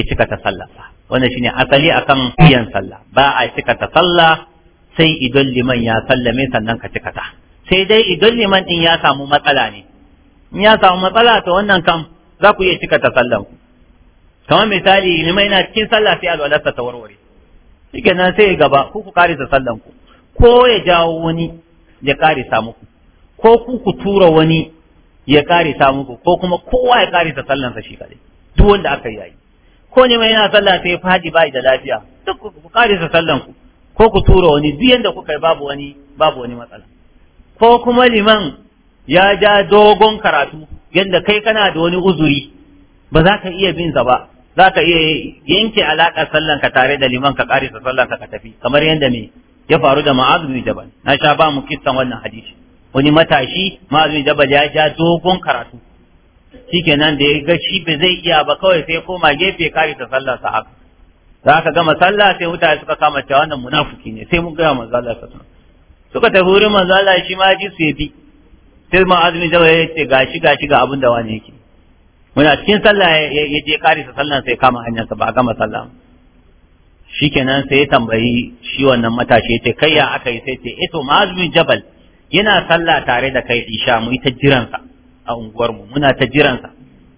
ya cikata sallah wannan shine asali akan biyan sallah ba a cikata sallah sai idan liman ya sallame sannan ka cikata sai dai idan liman din ya samu matsala ne in ya samu matsala to wannan kan. za ku iya cika ta sallan kamar misali ni mai na cikin sallah sai alwalarsa ta warware shike nan sai gaba ku ku karisa sallan ku ko ya jawo wani ya karisa muku ko ku ku tura wani ya karisa muku ko kuma kowa ya karisa sallansa shi kadai duk wanda aka yi ko ne mai na sallah sai faɗi bai da lafiya duk ku karisa sallan ku ko ku tura wani duk yanda kuka yi babu wani babu wani matsala ko kuma liman ya ja dogon karatu yadda kai kana da wani uzuri ba za ka iya bin sa ba za ka iya yanke alaƙar sallan ka tare da liman ka ƙarisa sallan ka tafi kamar yadda me ya faru da ma'azu bin jabal na sha ba mu kissan wannan hadisi wani matashi ma'azu bin jabal ya ja dogon karatu shikenan da ya ga shi ba zai iya ba kawai sai koma gefe ƙarisa sallar sa haka za ka gama sallah sai mutane suka kama cewa wannan munafuki ne sai mun gaya manzo Allah sa. suka tafi wurin manzo Allah shi ma ji su ya bi sai ma'azin jabal ya ce ga shi ga abin da wani yake muna cikin sallah ya je karisa sallan sai kama hanyarsa ba a gama sallah shikenan sai ya tambayi shi wannan matashi ya ce kai ya aka yi sai ce eto eh ma'azin jabal yana sallah tare da kai isha mu ta jiransa a unguwarmu muna ta jiransa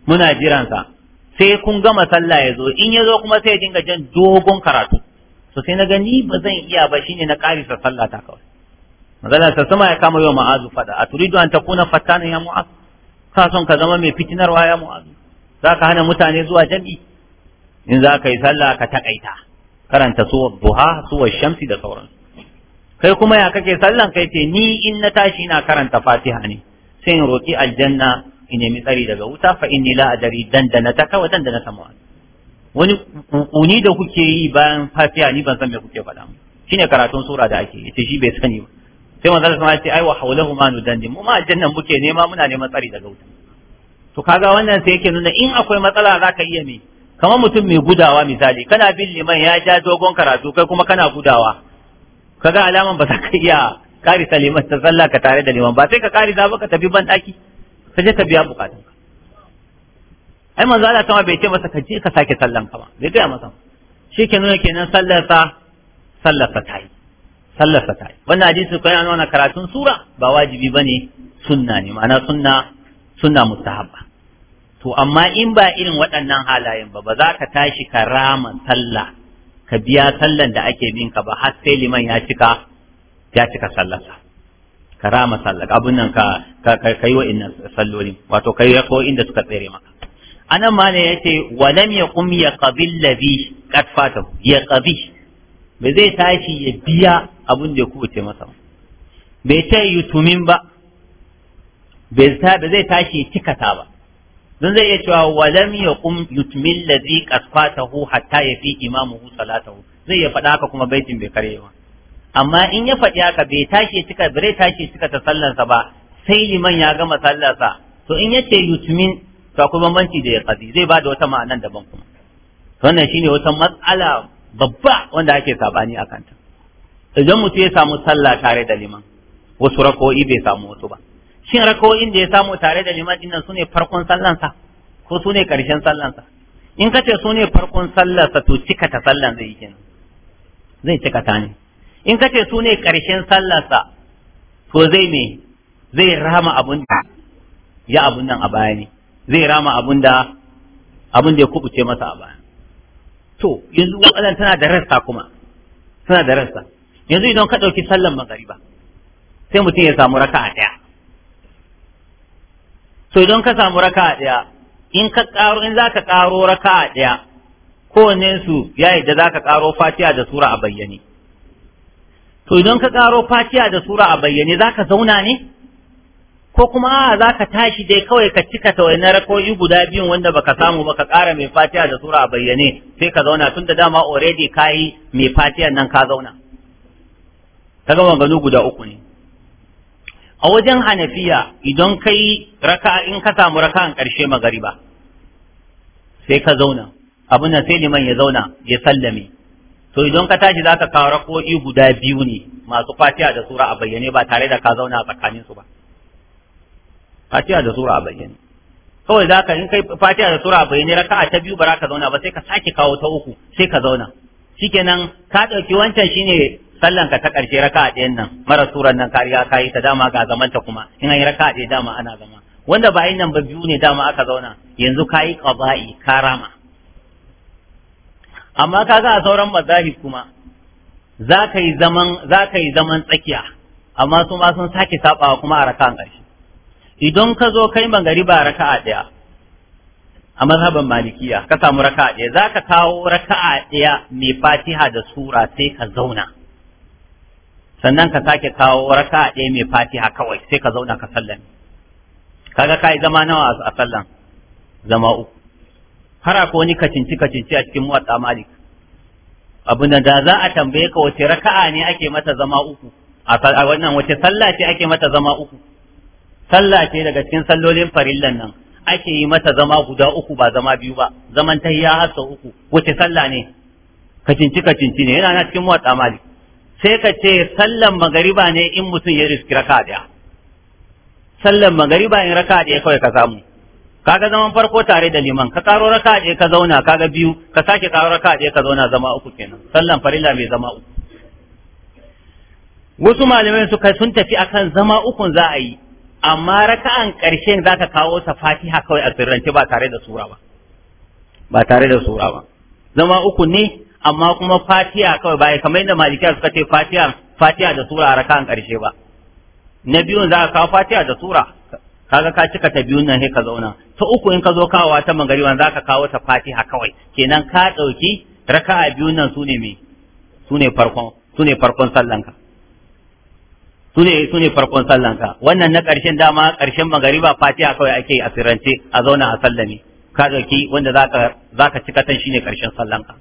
muna jiransa sai kun gama sallah ya zo in ya zo kuma sai ya dinga jan dogon karatu so sai na gani ba zan iya ba shine na karisa sallah ta kawai magana ta sama ya kama yau ma'azu fada a turidu an kuna fattana ya mu'azu ka son ka zama mai fitinarwa ya mu'azu za ka hana mutane zuwa jam'i? in za ka yi sallah ka takaita karanta suwar duha suwar shamsi da sauransu kai kuma ya kake sallan kai ce ni in na tashi ina karanta fatiha ne sai in roki aljanna in nemi tsari daga wuta fa inni la adari dandana ta kawai dandana ta mu'azu wani kuni da kuke yi bayan fatiha ni ban san me kuke faɗa ne karatun sura da ake ita shi bai sani ba sai manzo Allah ya ce ai wa haulahu ma nudandim mu ma jannan muke nema muna neman tsari daga wuta to kaga wannan sai yake nuna in akwai matsala za ka iya me kamar mutum mai gudawa misali kana bin liman ya ja dogon karatu kai kuma kana gudawa kaga alaman ba za ka iya kari saliman, ta sallah ka tare da liman ba sai ka kari za ka tafi ban daki ka je ka biya bukatun ka ai manzo Allah sama bai ce masa ka je ka sake sallan ka ba bai ga masa shi ke nuna kenan sallar sa sallar ta tayi sallarsa ta wannan hadisi ko yana karatun sura ba wajibi bane sunna ne ma'ana sunna sunna mustahabba to amma in ba irin waɗannan halayen ba ba za ka tashi ka rama sallah ka biya sallan da ake bin ka ba har sai liman ya cika ya cika sallarsa ka rama sallah abun nan ka ka wa wa'innan salloli wato ka yi inda suka tsere maka anan ma ne yace walam yaqum yaqbil ladhi qad fatahu yaqbi ba zai tashi ya biya abin da ya kubuce masa bai ce yutumin ba bai zai tashi ya cikata ba don zai iya cewa walam ya kum lazi, ladhi hu hatta ya fi yafi salata hu zai ya faɗa haka kuma baitin bai kare ba amma in ya faɗi haka bai tashi ya cika bai tashi ya cika ta sallansa ba sai liman ya gama sallarsa to in yace yutmin to akwai bambanci da ya qadi zai ba da wata ma'anan daban kuma wannan shine wata matsala babba wanda ake sabani a kanta idan mutum ya samu sallah tare da liman wasu rako'i bai samu wasu ba shin rako'in da ya samu tare da liman dinnan sune farkon sallansa ko sune karshen sallansa in ka ce sune farkon sa to cika ta sallan zai yi kenan zai cika ta ne in ka ce sune karshen sa to zai me zai rama abun da ya abun nan a baya ne zai rama abun da abun da ya kubuce masa a baya to yanzu matsalar tana da rassa kuma tana da rassa yanzu idan ka ɗauki sallan magariba sai mutum ya samu raka a ɗaya to idan ka samu raka a ɗaya in ka ƙaro in za ka ƙaro raka a ɗaya su ya da za ka ƙaro fatiha da sura a bayyane to idan ka ƙaro fatiha da sura a bayyane za ka zauna ne ko kuma a za ka tashi dai kawai ka cika ta wani rakoyi guda biyun wanda baka samu baka ƙara mai fatiha da sura a bayyane sai ka zauna tun da dama already ka yi mai fatiha nan ka zauna ta gama gano guda uku ne a wajen hanafiya idan ka yi raka in ka samu raka'an ƙarshe magariba sai ka zauna abin nan sai liman ya zauna ya sallame to idan ka tashi za ka kawo rako'i guda biyu ne masu fatiha da sura a bayyane ba tare da ka zauna a tsakaninsu ba fatiha da sura a bayyane kawai za ka in kai fatiha da sura a bayyane a ta biyu ba za ka zauna ba sai ka sake kawo ta uku sai ka zauna shikenan ka ɗauki wancan shine sallan ka ta ƙarshe a ɗayan nan mara suran nan ka riga ka yi ta dama ga zaman kuma in an yi a ɗaya dama ana zama wanda ba nan ba biyu ne dama aka zauna yanzu ka yi ƙaba'i ka rama amma kaga a sauran mazahib kuma za ka yi zaman tsakiya amma su ma sun sake sabawa kuma a a ƙarshe idan ka zo kai magariba raka'a ɗaya a mazhaban malikiya ka samu raka'a ɗaya za ka kawo raka'a ɗaya mai fatiha da sura sai ka zauna sannan ka sake kawo raka'a ɗaya mai fatiha kawai sai ka zauna ka sallame kaga kai zama nawa a sallan zama uku har akwai wani kacinci kacinci a cikin muwatta malik abin da za a tambaye ka wace raka'a ne ake mata zama uku a wannan wace sallah ce ake mata zama uku sallah ce daga cikin sallolin farillan nan ake yi mata zama guda uku ba zama biyu ba zaman ta ya hasa uku wace sallah ne kacinci kacinci ne yana na cikin motsa mali sai ka ce sallan magariba ne in mutum ya riski raka daya sallan magariba in raka daya kawai ka samu kaga zaman farko tare da liman ka karo raka daya ka zauna kaga biyu ka sake karo raka daya ka zauna zama uku kenan sallan farilla mai zama uku wasu malamai suka sun tafi akan zama ukun za a yi amma raka'an ƙarshen za ka kawo ta fatiha kawai a sirrance ba tare da sura ba ba tare da sura ba zama uku ne amma kuma fatiha kawai ba kamar yadda malikiya suka ce fatiha fatiha da sura a raka'an ƙarshe ba na biyun za ka kawo fatiha da sura kaga ka cika ta biyun nan sai ka zauna ta uku in ka zo kawowa ta magariban za ka kawo ta fatiha kawai kenan ka ɗauki raka'a biyun nan su ne me su ne farkon su ne farkon sallanka su ne su ne farkon sallanka wannan na ƙarshen dama ƙarshen magariba fatiha kawai ake a sirrance a zauna a sallami ka ɗauki wanda zaka zaka cika tan shine ƙarshen sallanka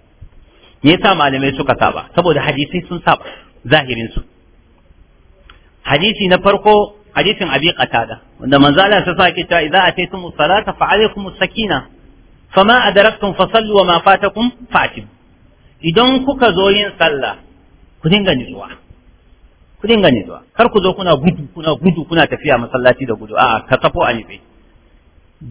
me yasa malamai suka saba saboda hadisi sun saba zahirin su hadisi na farko hadisin abi qatada wanda manzo Allah sa sake cewa idza ataytum salata fa alaykum sakina fama adraktum daraktan sallu wa ma fatakum fatim idan kuka zo yin sallah ku dinga nutsuwa ku dinga nitsuwa kar ku zo kuna gudu kuna gudu kuna tafiya masallaci da gudu a'a ka tafo a nitsi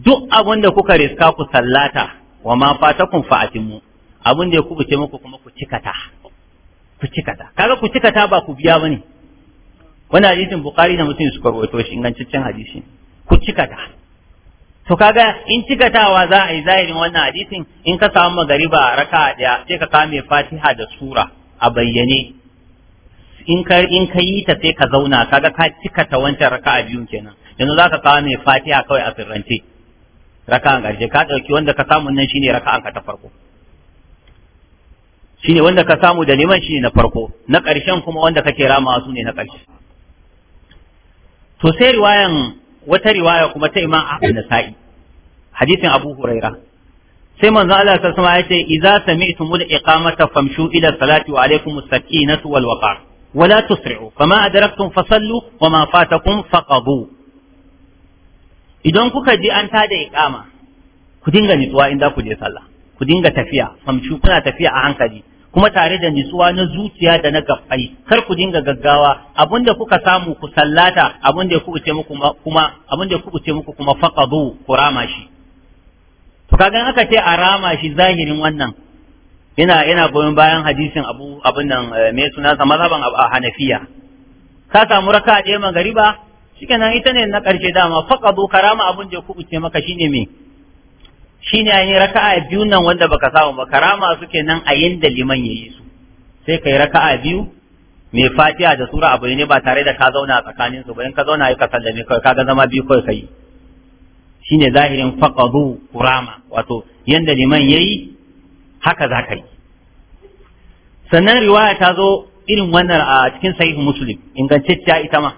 duk abin da kuka riska ku sallata wa ma fatakum fa'atimu abin da ya kubuce muku kuma ku cikata ku cikata kaga ku cikata ba ku biya bane wannan hadisin bukhari da muslim suka rawaito shi ingancaccen hadisi ku cikata to kaga in cikatawa za a yi zahirin wannan hadisin in ka samu magariba raka'a daya sai ka kame fatiha da sura a bayyane in ka in ka yi ta sai ka zauna kaga ka cika ta wancan raka'a biyun kenan yanzu za ka kawo mai fatiha kawai a sirrance raka'an ƙarshe ka dauki wanda ka samu nan shine raka'an ka ta farko shine wanda ka samu da neman shine na farko na ƙarshen kuma wanda kake ramawa su ne na ƙarshe to sai riwayan wata riwaya kuma ta Imam Ahmad Nasa'i hadisin Abu Huraira sai manzo Allah sallallahu alaihi wasallam ya ce idza sami'tumul iqamata famshu ila salati wa alaykumus sakinatu wal waqar ولا تسرعوا فما أدركتم فصلوا وما فاتكم فقضوا idan kuka ji an tada iqama ku dinga nitsuwa in za ku je sallah ku dinga tafiya famci kuna tafiya a hankali kuma tare da nitsuwa na zuciya da na gabbai kar ku dinga gaggawa abinda kuka samu ku sallata abinda ya kubuce muku kuma abinda ya muku kuma faqadu ku rama shi to kaga aka ce a rama shi zahirin wannan ina ina goyon bayan hadisin abu abin nan eh, me suna sa mazhaban hanafiya ka samu raka ɗaya magariba shikenan ita ne na ƙarshe dama faqadu karama abin da ya kubuce maka shine me shine raka a biyu nan wanda baka samu ba karama suke nan a da liman yayi su sai kai raka'a biyu mai fatiha da sura abu ne ba tare da ka zauna a tsakanin su ba in ka zauna ka sallame kawai kaga zama biyu kai kai shine zahirin faqadu kurama wato yanda liman yayi haka za ka yi sannan riwaya ta zo irin wannan a cikin sahihu muslim ingantacciya ita ma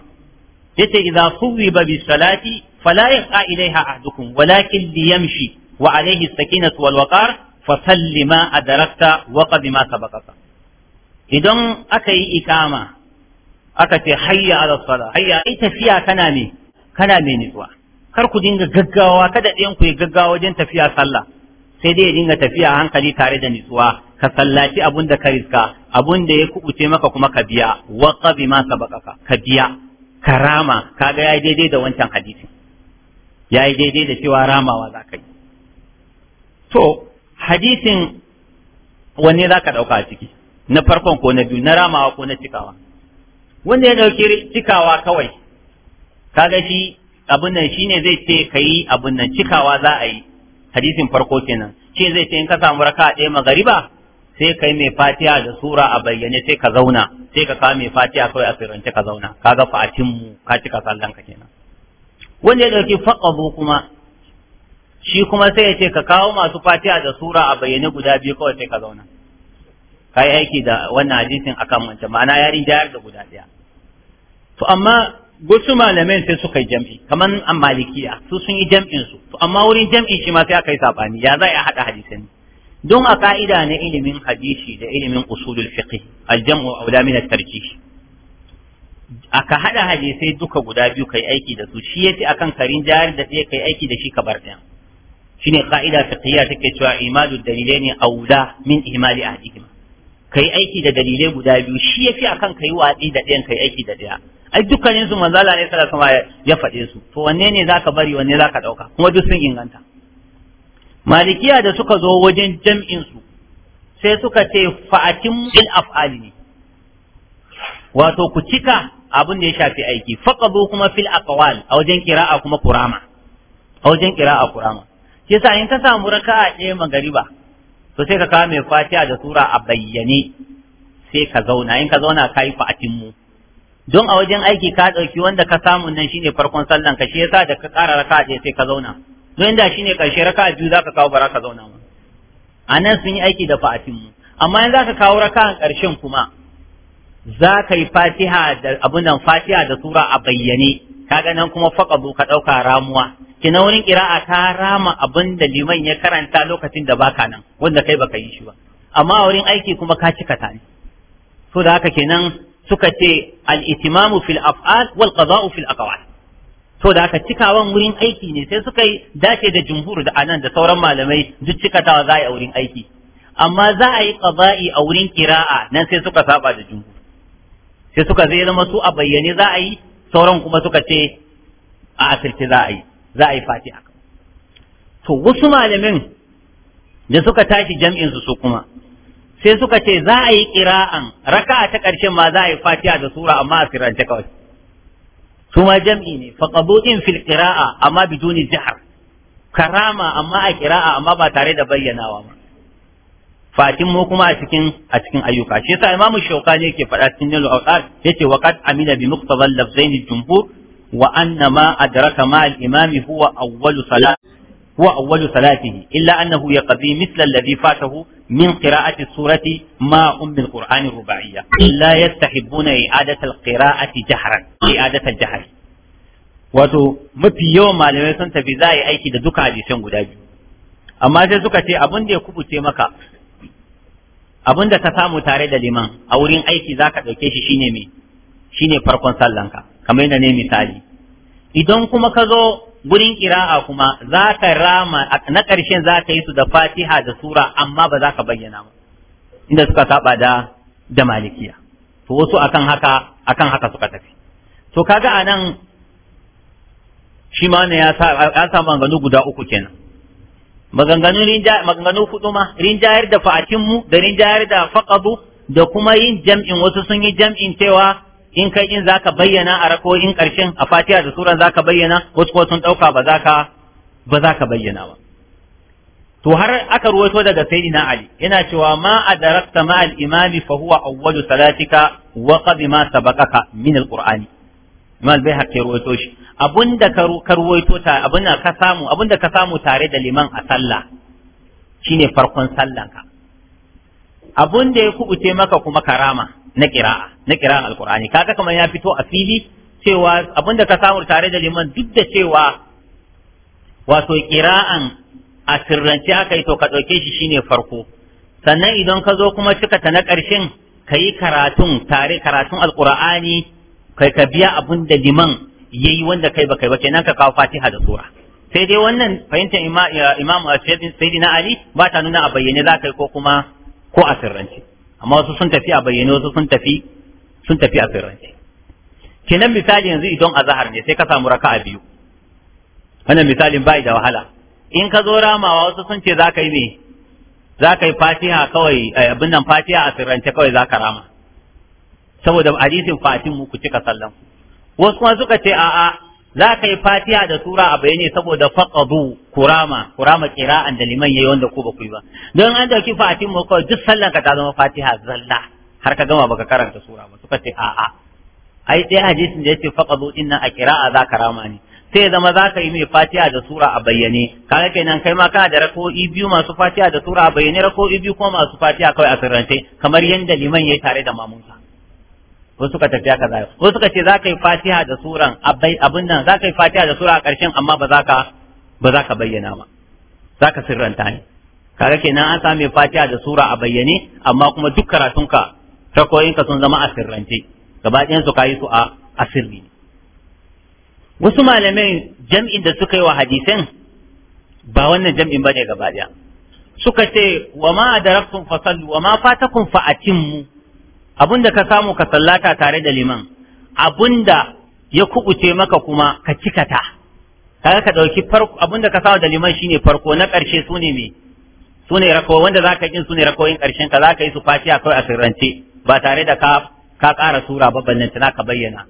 yace idza khuwiba bi salati fala yaqa ilaiha ahdukum walakin liyamshi wa alaihi sakinatu wal waqar fa salli ma adrakta wa qad ma sabaqaka idan aka yi ikama aka ce hayya ala sala hayya ai tafiya kana me kana me nitsuwa kar ku dinga gaggawa kada ɗayan ku ya gaggawa wajen tafiya sallah sai dai ya dinga tafiya a hankali tare da nutsuwa ka sallaci abun da ka riska abun da ya kubuce maka kuma ka biya waqa bima sabaqaka ka biya karama kaga yayi daidai da wancan hadisi yayi daidai da cewa ramawa za yi to hadisin wanne za ka ɗauka a ciki na farkon ko na biyu na ramawa ko na cikawa wanda ya ɗauki cikawa kawai kaga shi abun nan shine zai ce ka yi abun nan cikawa za a yi hadisin farko kenan shi zai ce in ka samu raka ɗaya magariba sai kai mai fatiha da sura a bayyane sai ka zauna sai ka kawo mai fatiha kawai a sirrance ka zauna ga fatin mu ka cika sallan ka kenan wanda ya dauki faqabu kuma shi kuma sai ya ce ka kawo masu fatiha da sura a bayyane guda biyu kawai sai ka zauna Ka yi aiki da wannan hadisin akan wancan ma'ana ya rinjayar da guda ɗaya to amma wasu malamai sai suka yi jam'i kaman an malikiya su sun yi jam'in su to amma wurin jam'i shi ma sai aka yi sabani ya za a hada hadisai don a ka'ida na ilimin hadisi da ilimin usulul fiqh al-jam'u aula min at-tarjih aka hada hadisai duka guda biyu kai aiki da su shi yafi akan karin jari da sai kai aiki da shi ka bar shine ka'ida fiqhiyya take cewa imadu dalilaini aula min ihmali ahdihima kai aiki da dalilai guda biyu shi yafi akan kai wadi da ɗayan kai aiki da ɗaya ai dukkanin su manzo Allah ne sallallahu alaihi ya faɗe su to wanne ne zaka bari wanne zaka dauka kuma duk sun inganta malikiya da suka zo wajen jam'in su sai suka ce fa'atim bil af'ali ne wato ku cika abin da ya shafi aiki faqadu kuma fil aqwal a wajen qira'a kuma kurama a wajen qira'a kurama yasa in ka samu raka'a ɗaya magariba to sai ka kawo mai fatiha da sura a bayyane sai ka zauna in ka zauna ka yi fa'atin mu don a wajen aiki ka ɗauki wanda ka samu nan shine farkon sallan ka shi yasa da ka ƙara raka ɗaya sai ka zauna don inda shine ƙarshe raka biyu za ka kawo bara ka zauna mu a nan sun yi aiki da fa'atin mu amma in za ka kawo raka ƙarshen kuma za ka yi fatiha da abin nan fatiha da sura a bayyane kaga nan kuma faƙabu ka ɗauka ramuwa kina wurin kira'a ta rama abin da liman ya karanta lokacin da baka nan wanda kai baka yi shi ba amma wurin aiki kuma ka cika ta ne so da haka kenan suka ce al-itimamu fil af'al wal qada'u fil aqwal so da haka cikawan wurin aiki ne sai suka yi dace da jumhur da anan da sauran malamai duk cikatawa za a yi a wurin aiki amma za a yi qada'i a wurin kira'a nan sai suka saba da jumhur sai suka zai zama su a bayyane za a yi sauran kuma suka ce a asirce za a yi za a yi a to wasu malamin da suka tashi jam'in su kuma sai suka ce za a yi kira'an raka'a ta ƙarshen ma za a yi fati'a da sura amma a firance kawai su ma jam'i ne faqabudin fil ƙira'a amma biduni jihar karama amma a kira'a amma ba tare da bayyanawa ba fatin mu kuma a cikin a cikin ayyuka shi yasa imamu ne yake faɗa cikin nilu awqat yace wa amina bi muqtaba al-lafzain jumhur wa anna ma ma al-imami huwa awwalu salat huwa awwalu salatihi illa annahu yaqdi mithla alladhi fatahu min qira'ati surati ma um bil qur'an rubaiyya la yastahibbuna i'adata al-qira'ati jahran i'adata al-jahr wato mafi yawan malamai sun tafi za a yi aiki da duka hadisan guda amma sai suka ce abin ya kubuce maka Abinda da ka samu tare da liman a wurin aiki za ka ɗauke shi shine farkon sallar ka. kamar yadda ne misali idan kuma ka zo gurin kira'a kuma za ka rama na ƙarshen za ka yi su da fatiha da sura amma ba za ka bayyana ba inda suka saba da da malikiya to wasu akan haka akan haka suka tafi to kaga anan shi ma ne ya sa maganganu guda uku kenan maganganu maganganu hudu ma rinjayar da fa'atinmu da rinjayar da faqadu da kuma yin jam'in wasu sun yi jam'in cewa in kai in zaka bayyana a rako'in karshen a fatiha da suran zaka bayyana wasu ko sun dauka ba zaka ba bayyana ba to har aka ruwaito daga sayyidina ali yana cewa ma adarakta ma al imami fa huwa awwalu salatika wa qad ma sabaqaka min al qur'ani ma al bayhaqi ruwaito shi abunda ka ruwaito ta abunda ka samu abunda ka samu tare da liman a sallah shine farkon sallanka abunda ya kubuce maka kuma karama na ƙira'a na alƙur'ani kaga kamar ya fito a fili cewa da ka samu tare da liman duk da cewa wato ƙira'an a sirrance aka yi to ka ɗauke shi shine farko sannan idan ka zo kuma cika ta na ƙarshen ka yi karatun tare karatun alƙur'ani kai ka biya abin da liman ya yi wanda kai ba kai ba kenan ka kawo fatiha da sura sai dai wannan fahimtar imamu sayyidina ali ba ta nuna a bayyane za ka yi ko kuma ko a sirrance amma wasu sun tafi a bayyane wasu sun tafi sun tafi a sirrance kenan misali yanzu idan azhar ne sai ka samu raka'a biyu wannan misalin bai da wahala in ka zo ramawa wasu sun ce zaka yi ne zaka yi fatiha kawai eh, abin nan fatiha a sirrance kawai zaka rama saboda hadisin fatin ku cika sallan wasu kuma suka ce a'a za ka yi fatiha da sura a bayani saboda faqadu kurama kurama qira'an da liman yayi wanda ko ba ku yi ba don an dauki fatin mu kawai duk sallan ka ta zama fatiha zalla har ka gama baka karanta sura ba suka ce a'a ai dai hadisin da yace faqadu inna a qira'a za ka rama ne sai zama za ka yi mai fatiha da sura a bayyane kaga kenan kai ma kana da rako'i biyu masu fatiha da sura a bayyane rako'i biyu kuma masu fatiha kawai a sirrance kamar yanda liman yayi tare da mamunsa wasu suka tafiya ka zai wasu suka ce za ka yi fatiha da suran abin nan za ka yi fatiha da sura a ƙarshen amma ba za ka ba za ka bayyana ba za ka sirranta ne kaga kenan an same fatiha da sura a bayyane amma kuma duk karatun ka karatunka ka sun zama a sirrance gaba ɗayan su kayi su a asiri wasu malamai jam'in da suka yi wa hadisin ba wannan jam'in bane gaba ɗaya suka ce wa ma adaraktum fasallu wa ma fatakum fa Abun da ka samu ka sallata tare da liman da ya kubuce maka kuma ka ta kaga ka dauki farko da ka samu da liman shine farko na karshe sune me sune rakawa wanda zaka kin sune rakawoyin karshen ka zaka yi su fatiha kai a sirrance ba tare da ka ka ƙara sura ba ballan tana ka bayyana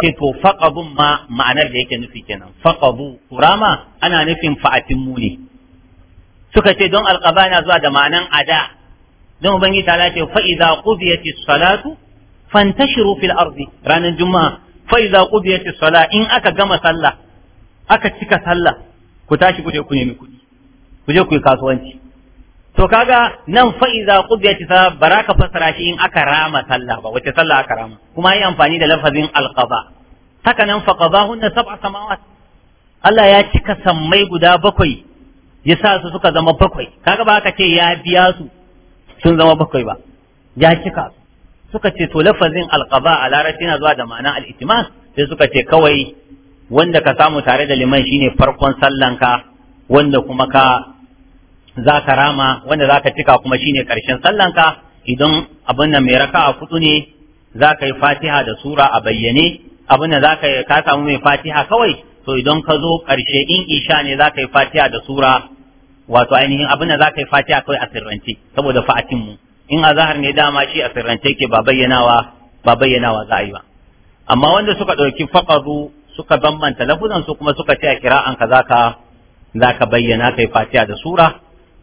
ke to faqabun ma ma'anar da yake nufi kenan faqabu kurama ana nufin fa'atin muni suka ce don alqabana zuwa da ma'anan ada don ubangiji ta ce fa idza qudiyatis salatu fantashiru fil ardi ranar juma'a fa idza qudiyatis sala in aka gama sallah aka cika sallah ku tashi ku je ku nemi kuɗi ku je ku yi kasuwanci to kaga nan fa idza qudiyatis sala baraka fasara shi in aka rama sallah ba wace sallah aka rama kuma yi amfani da lafazin alqada haka nan fa qadahunna sab'a samawat Allah ya cika sammai guda bakwai ya sa su suka zama bakwai kaga ba aka ce ya biya su sun zama bakwai ba ya kika suka ce to lafazin alqaba a larabci yana zuwa da ma'ana al sai suka ce kawai wanda ka samu tare da liman shine farkon sallanka wanda kuma ka za ka rama wanda za ka cika kuma shine karshen sallanka idan abin nan mai raka'a kudu ne za ka yi fatiha da sura a bayyane abin nan za ka ka samu mai fatiha kawai to idan ka zo karshe in isha ne za ka yi fatiha da sura wato ainihin abin da za ka yi fatiha kawai a sirrance saboda fa'atin mu in a zahar ne dama shi a sirrance ke ba bayyanawa ba bayyanawa za a yi ba amma wanda suka ɗauki faƙaru suka bambanta lafuzan su kuma suka ce a kira an ka za ka bayyana kai fatiha da sura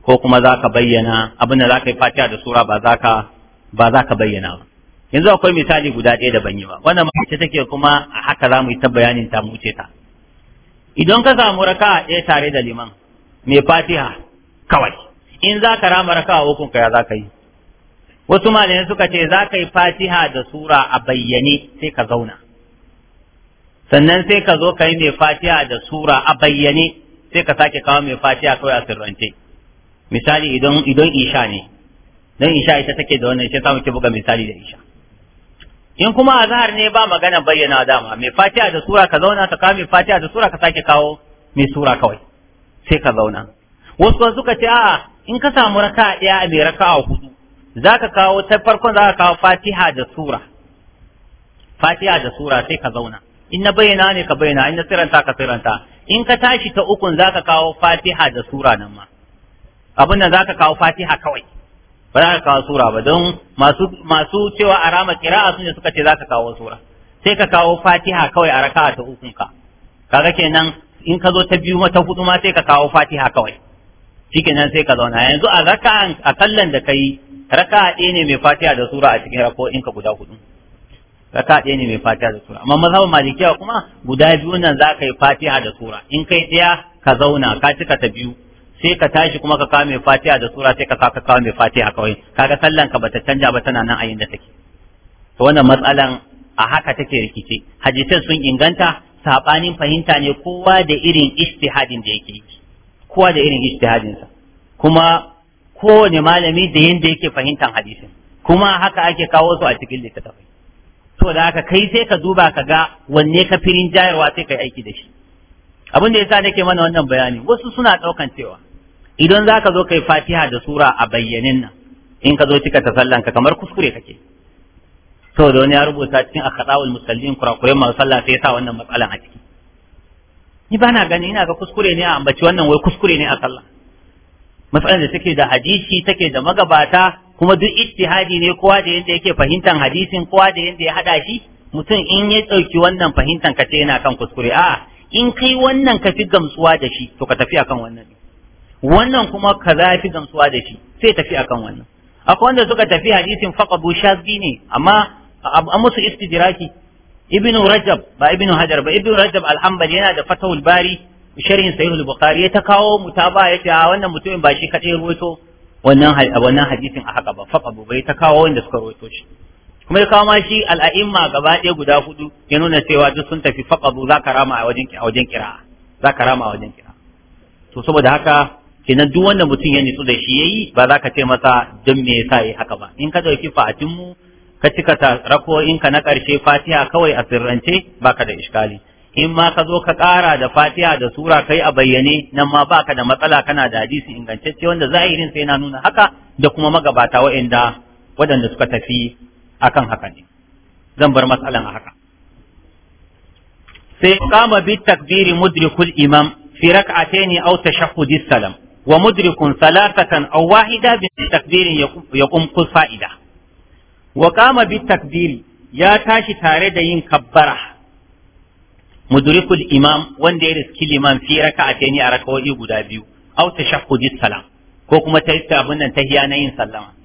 ko kuma za ka bayyana abin da ka yi fatiha da sura ba ka ba ka bayyana ba yanzu akwai misali guda ɗaya da ban yi ba wannan mace take kuma a haka za mu yi ta bayanin ta mu ce ta idan ka samu raka'a ɗaya tare da liman mai fatiha kawai in za ka rama raka a hukun ya za ka yi wasu malamai suka ce za ka yi fatiha da sura a bayyane sai ka zauna sannan sai ka zo ka yi mai fatiha da sura a bayyane sai ka sake kawo mai fatiha kawai a sirrance misali idan idan isha ne don isha ita take da wannan sai samu ki buga misali da isha in kuma azhar ne ba magana bayyana dama mai fatiha da sura ka zauna ka kawo mai fatiha da sura ka sake kawo mai sura kawai sai ka zauna wasu suka ce a'a in ka samu raka ɗaya mai raka a hudu za ka kawo ta farkon za ka kawo fatiha da sura fatiha da sura sai ka zauna in na bayyana ne ka bayyana in na siranta ka siranta in ka tashi ta ukun za ka kawo fatiha da sura nan ma abin nan za ka kawo fatiha kawai ba za ka kawo sura ba don masu masu cewa a rama kira'a sun suka ce za ka kawo sura sai ka kawo fatiha kawai a raka'a ta ukun ka kaga kenan in ka zo ta biyu ma ta hudu ma sai ka kawo fatiha kawai nan sai ka zauna yanzu a raka'an kallon da kai raka'a ɗaya ne mai fatiha da sura a cikin in ka guda hudu raka ɗaya ne mai fatiha da sura amma mazhabin malikiya kuma guda biyu nan za ka yi fatiha da sura in kai ɗaya ka zauna ka cika ta biyu sai ka tashi kuma ka kawo mai fatiha da sura sai ka ka kawo mai fatiha kawai kaga sallan ka bata canja ba tana nan a yanda take to wannan matsalan a haka take rikice hadisan sun inganta sabanin fahimta ne kowa da irin ijtihadin da yake kowa da irin ijtihadin sa kuma kowane malami da yanda yake fahimtan hadisin kuma haka ake kawo su a cikin littattafai to da haka kai sai ka duba ka ga wanne ka firin jayarwa sai kai aiki da shi abin da yasa nake mana wannan bayani wasu suna daukan cewa idan zaka zo kai fatiha da sura a bayyanin nan in ka zo cika ta sallanka kamar kuskure kake saboda wani ya rubuta cikin akhdawul musallin kurakurai masu sallah sai ya sa wannan matsalan a ciki ni ba na gani ina ga kuskure ne a ambaci wannan wai kuskure ne a sallah Matsalan da take da hadisi take da magabata kuma duk ijtihadi ne kowa da yadda yake fahimtar hadisin kowa da yadda ya hada shi mutum in ya ɗauki wannan fahimtar ka ce yana kan kuskure a'a in kai wannan ka fi gamsuwa da shi to ka tafi akan wannan wannan kuma ka za fi gamsuwa da shi sai tafi akan wannan akwai wanda suka tafi hadisin faqabu shazbi ne amma an musu istidraki ibnu rajab ba ibnu hajar ba ibnu rajab al-hanbali yana da fatahul bari sharhin sahih al-bukhari ya ta kawo mutaba yace a wannan mutumin ba shi kadai ruwaito wannan wannan hadisin a haka ba faqa bai ta kawo wanda suka ruwaito shi kuma ya kawo ma shi al'a'imma gaba ɗaya guda hudu ya nuna cewa duk sun tafi faqadu za ka rama a wajen a wajen kira za ka rama a wajen kira to saboda haka kenan duk wanda mutum ya nitsu da shi yayi ba za ka ce masa don me yasa yi haka ba in ka dauki fa'atin mu ka cika ka na ƙarshe fatiha kawai a sirrance ba ka da iskali in ma ka zo ka ƙara da fatiha da sura kai a bayyane nan ma ba ka da matsala kana da hadisi ingantacce wanda zahirin sai na nuna haka da kuma magabata waɗanda waɗanda suka tafi akan haka ne zan bar matsalan a haka sai kama bi takbiri mudrikul imam fi ni aw tashahhudi salam wa mudrikun salatatan aw wahida bi takbirin yaqum qul fa'ida wa qama bit ya tashi tare da yin kabbara mudrikul imam wanda ya riski liman fi ni a raka'o'i guda biyu aw tashahhudis salam ko kuma ta yi abin nan tahiya na yin sallama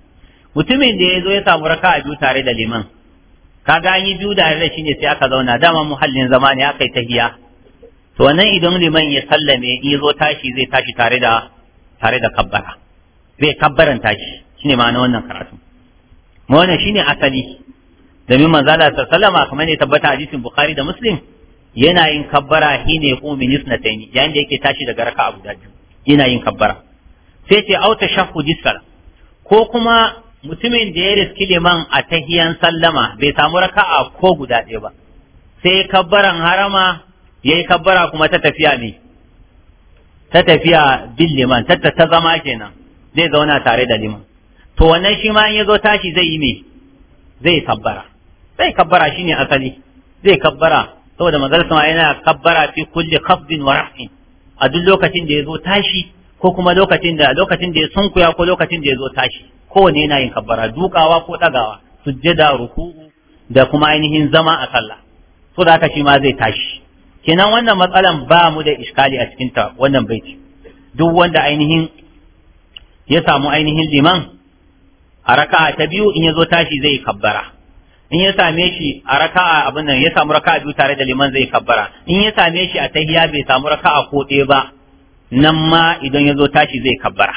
mutumin da ya zo ya samu raka'a biyu tare da liman kaga an yi biyu tare da shi ne sai aka zauna dama muhallin zama ne aka yi tahiya to nan idan liman ya sallame in ya zo tashi zai tashi tare da tare da kabbara zai kabbaran tashi shine ma'ana wannan karatu wannan shine asali domin manzala ta sallama kamar ne tabbata hadisin bukhari da muslim yana yin kabbara hine ya kuma na taini yayin da yake tashi daga raka guda biyu yana yin kabbara sai ce au tashahhudis salam ko kuma mutumin da ya riski liman a tahiyan sallama bai samu raka'a ko guda ɗaya ba sai kabbaran harama yayi kabbara kuma ta tafiya ne ta tafiya bin liman ta ta zama kenan zai zauna tare da liman to wannan shi ma in ya zo tashi zai yi me zai kabbara zai kabbara shine asali zai kabbara saboda manzon sama yana kabbara fi kulli khafdin wa raf'in a duk lokacin da ya zo tashi ko kuma lokacin da lokacin da ya sunkuya ko lokacin da ya zo tashi kowane yana yin kabbara dukawa ko dagawa sujjada ruku'u da kuma ainihin zama a sallah to da haka shi ma zai tashi kenan wannan matsalan ba mu da iskali a cikin ta wannan baiti duk wanda ainihin ya samu ainihin liman a raka'a ta biyu in ya zo tashi zai kabbara in ya same shi a raka'a abin nan ya samu raka'a biyu tare da liman zai kabbara in ya same shi a tahiya bai samu raka'a ko ɗaya ba nan ma idan ya zo tashi zai kabbara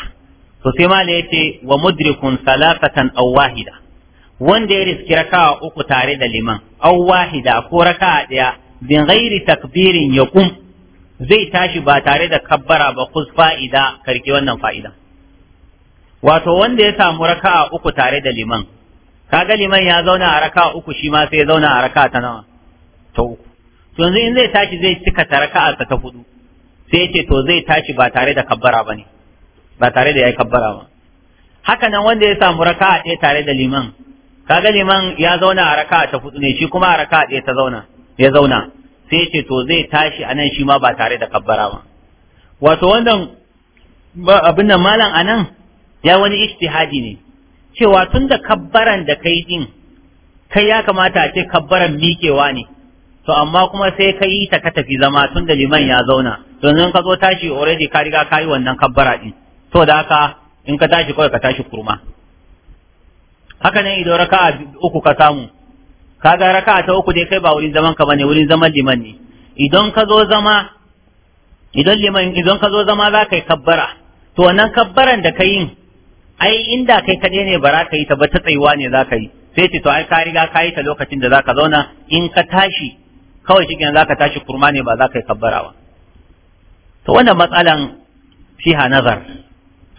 to sai ma ya ce wa mudrikun salasatan aw wahida wanda ya riski raka'a uku tare da liman aw wahida ko raka'a ɗaya bin ghairi takbirin yakum zai tashi ba tare da kabbara ba kus fa'ida karki wannan fa'idan. wato wanda ya samu raka'a uku tare da liman kaga liman ya zauna a raka'a uku shi ma sai ya zauna a raka'a ta nawa ta uku to yanzu in zai tashi zai cika ta raka'a ta ta hudu sai ya ce to zai tashi ba tare da kabbara bane ba tare da ya kabbara ba haka nan wanda ya samu raka'a ɗaya tare da liman kaga liman ya zauna a raka'a ta hudu ne shi kuma a raka'a ɗaya ta zauna ya zauna sai ya ce to zai tashi a nan shi ma ba tare da kabbara ba wato wannan abin nan malam anan ya wani ijtihadi ne cewa tun da kabbaran da kai din kai ya kamata a ce kabbaran miƙewa ne to amma kuma sai ka yi ta ka tafi zama tun da liman ya zauna to yanzu ka zo tashi already ka riga ka yi wannan kabbara din to da haka in ka tashi kawai ka tashi kurma haka ne idan raka'a uku ka samu kaga raka'a ta uku dai kai ba wurin zaman ka bane wurin zaman liman ne idan ka zo zama idan liman idan ka zo zama za ka yi kabbara to wannan kabbaran da ka yin ai inda kai kaɗai ne ba ka yi ta ba ta tsayuwa ne za ka yi sai ce to ai ka riga ka yi ta lokacin da za ka zauna in ka tashi kawai shi za ka tashi kurma ne ba za ka yi kabbara ba to wannan matsalan ha nazar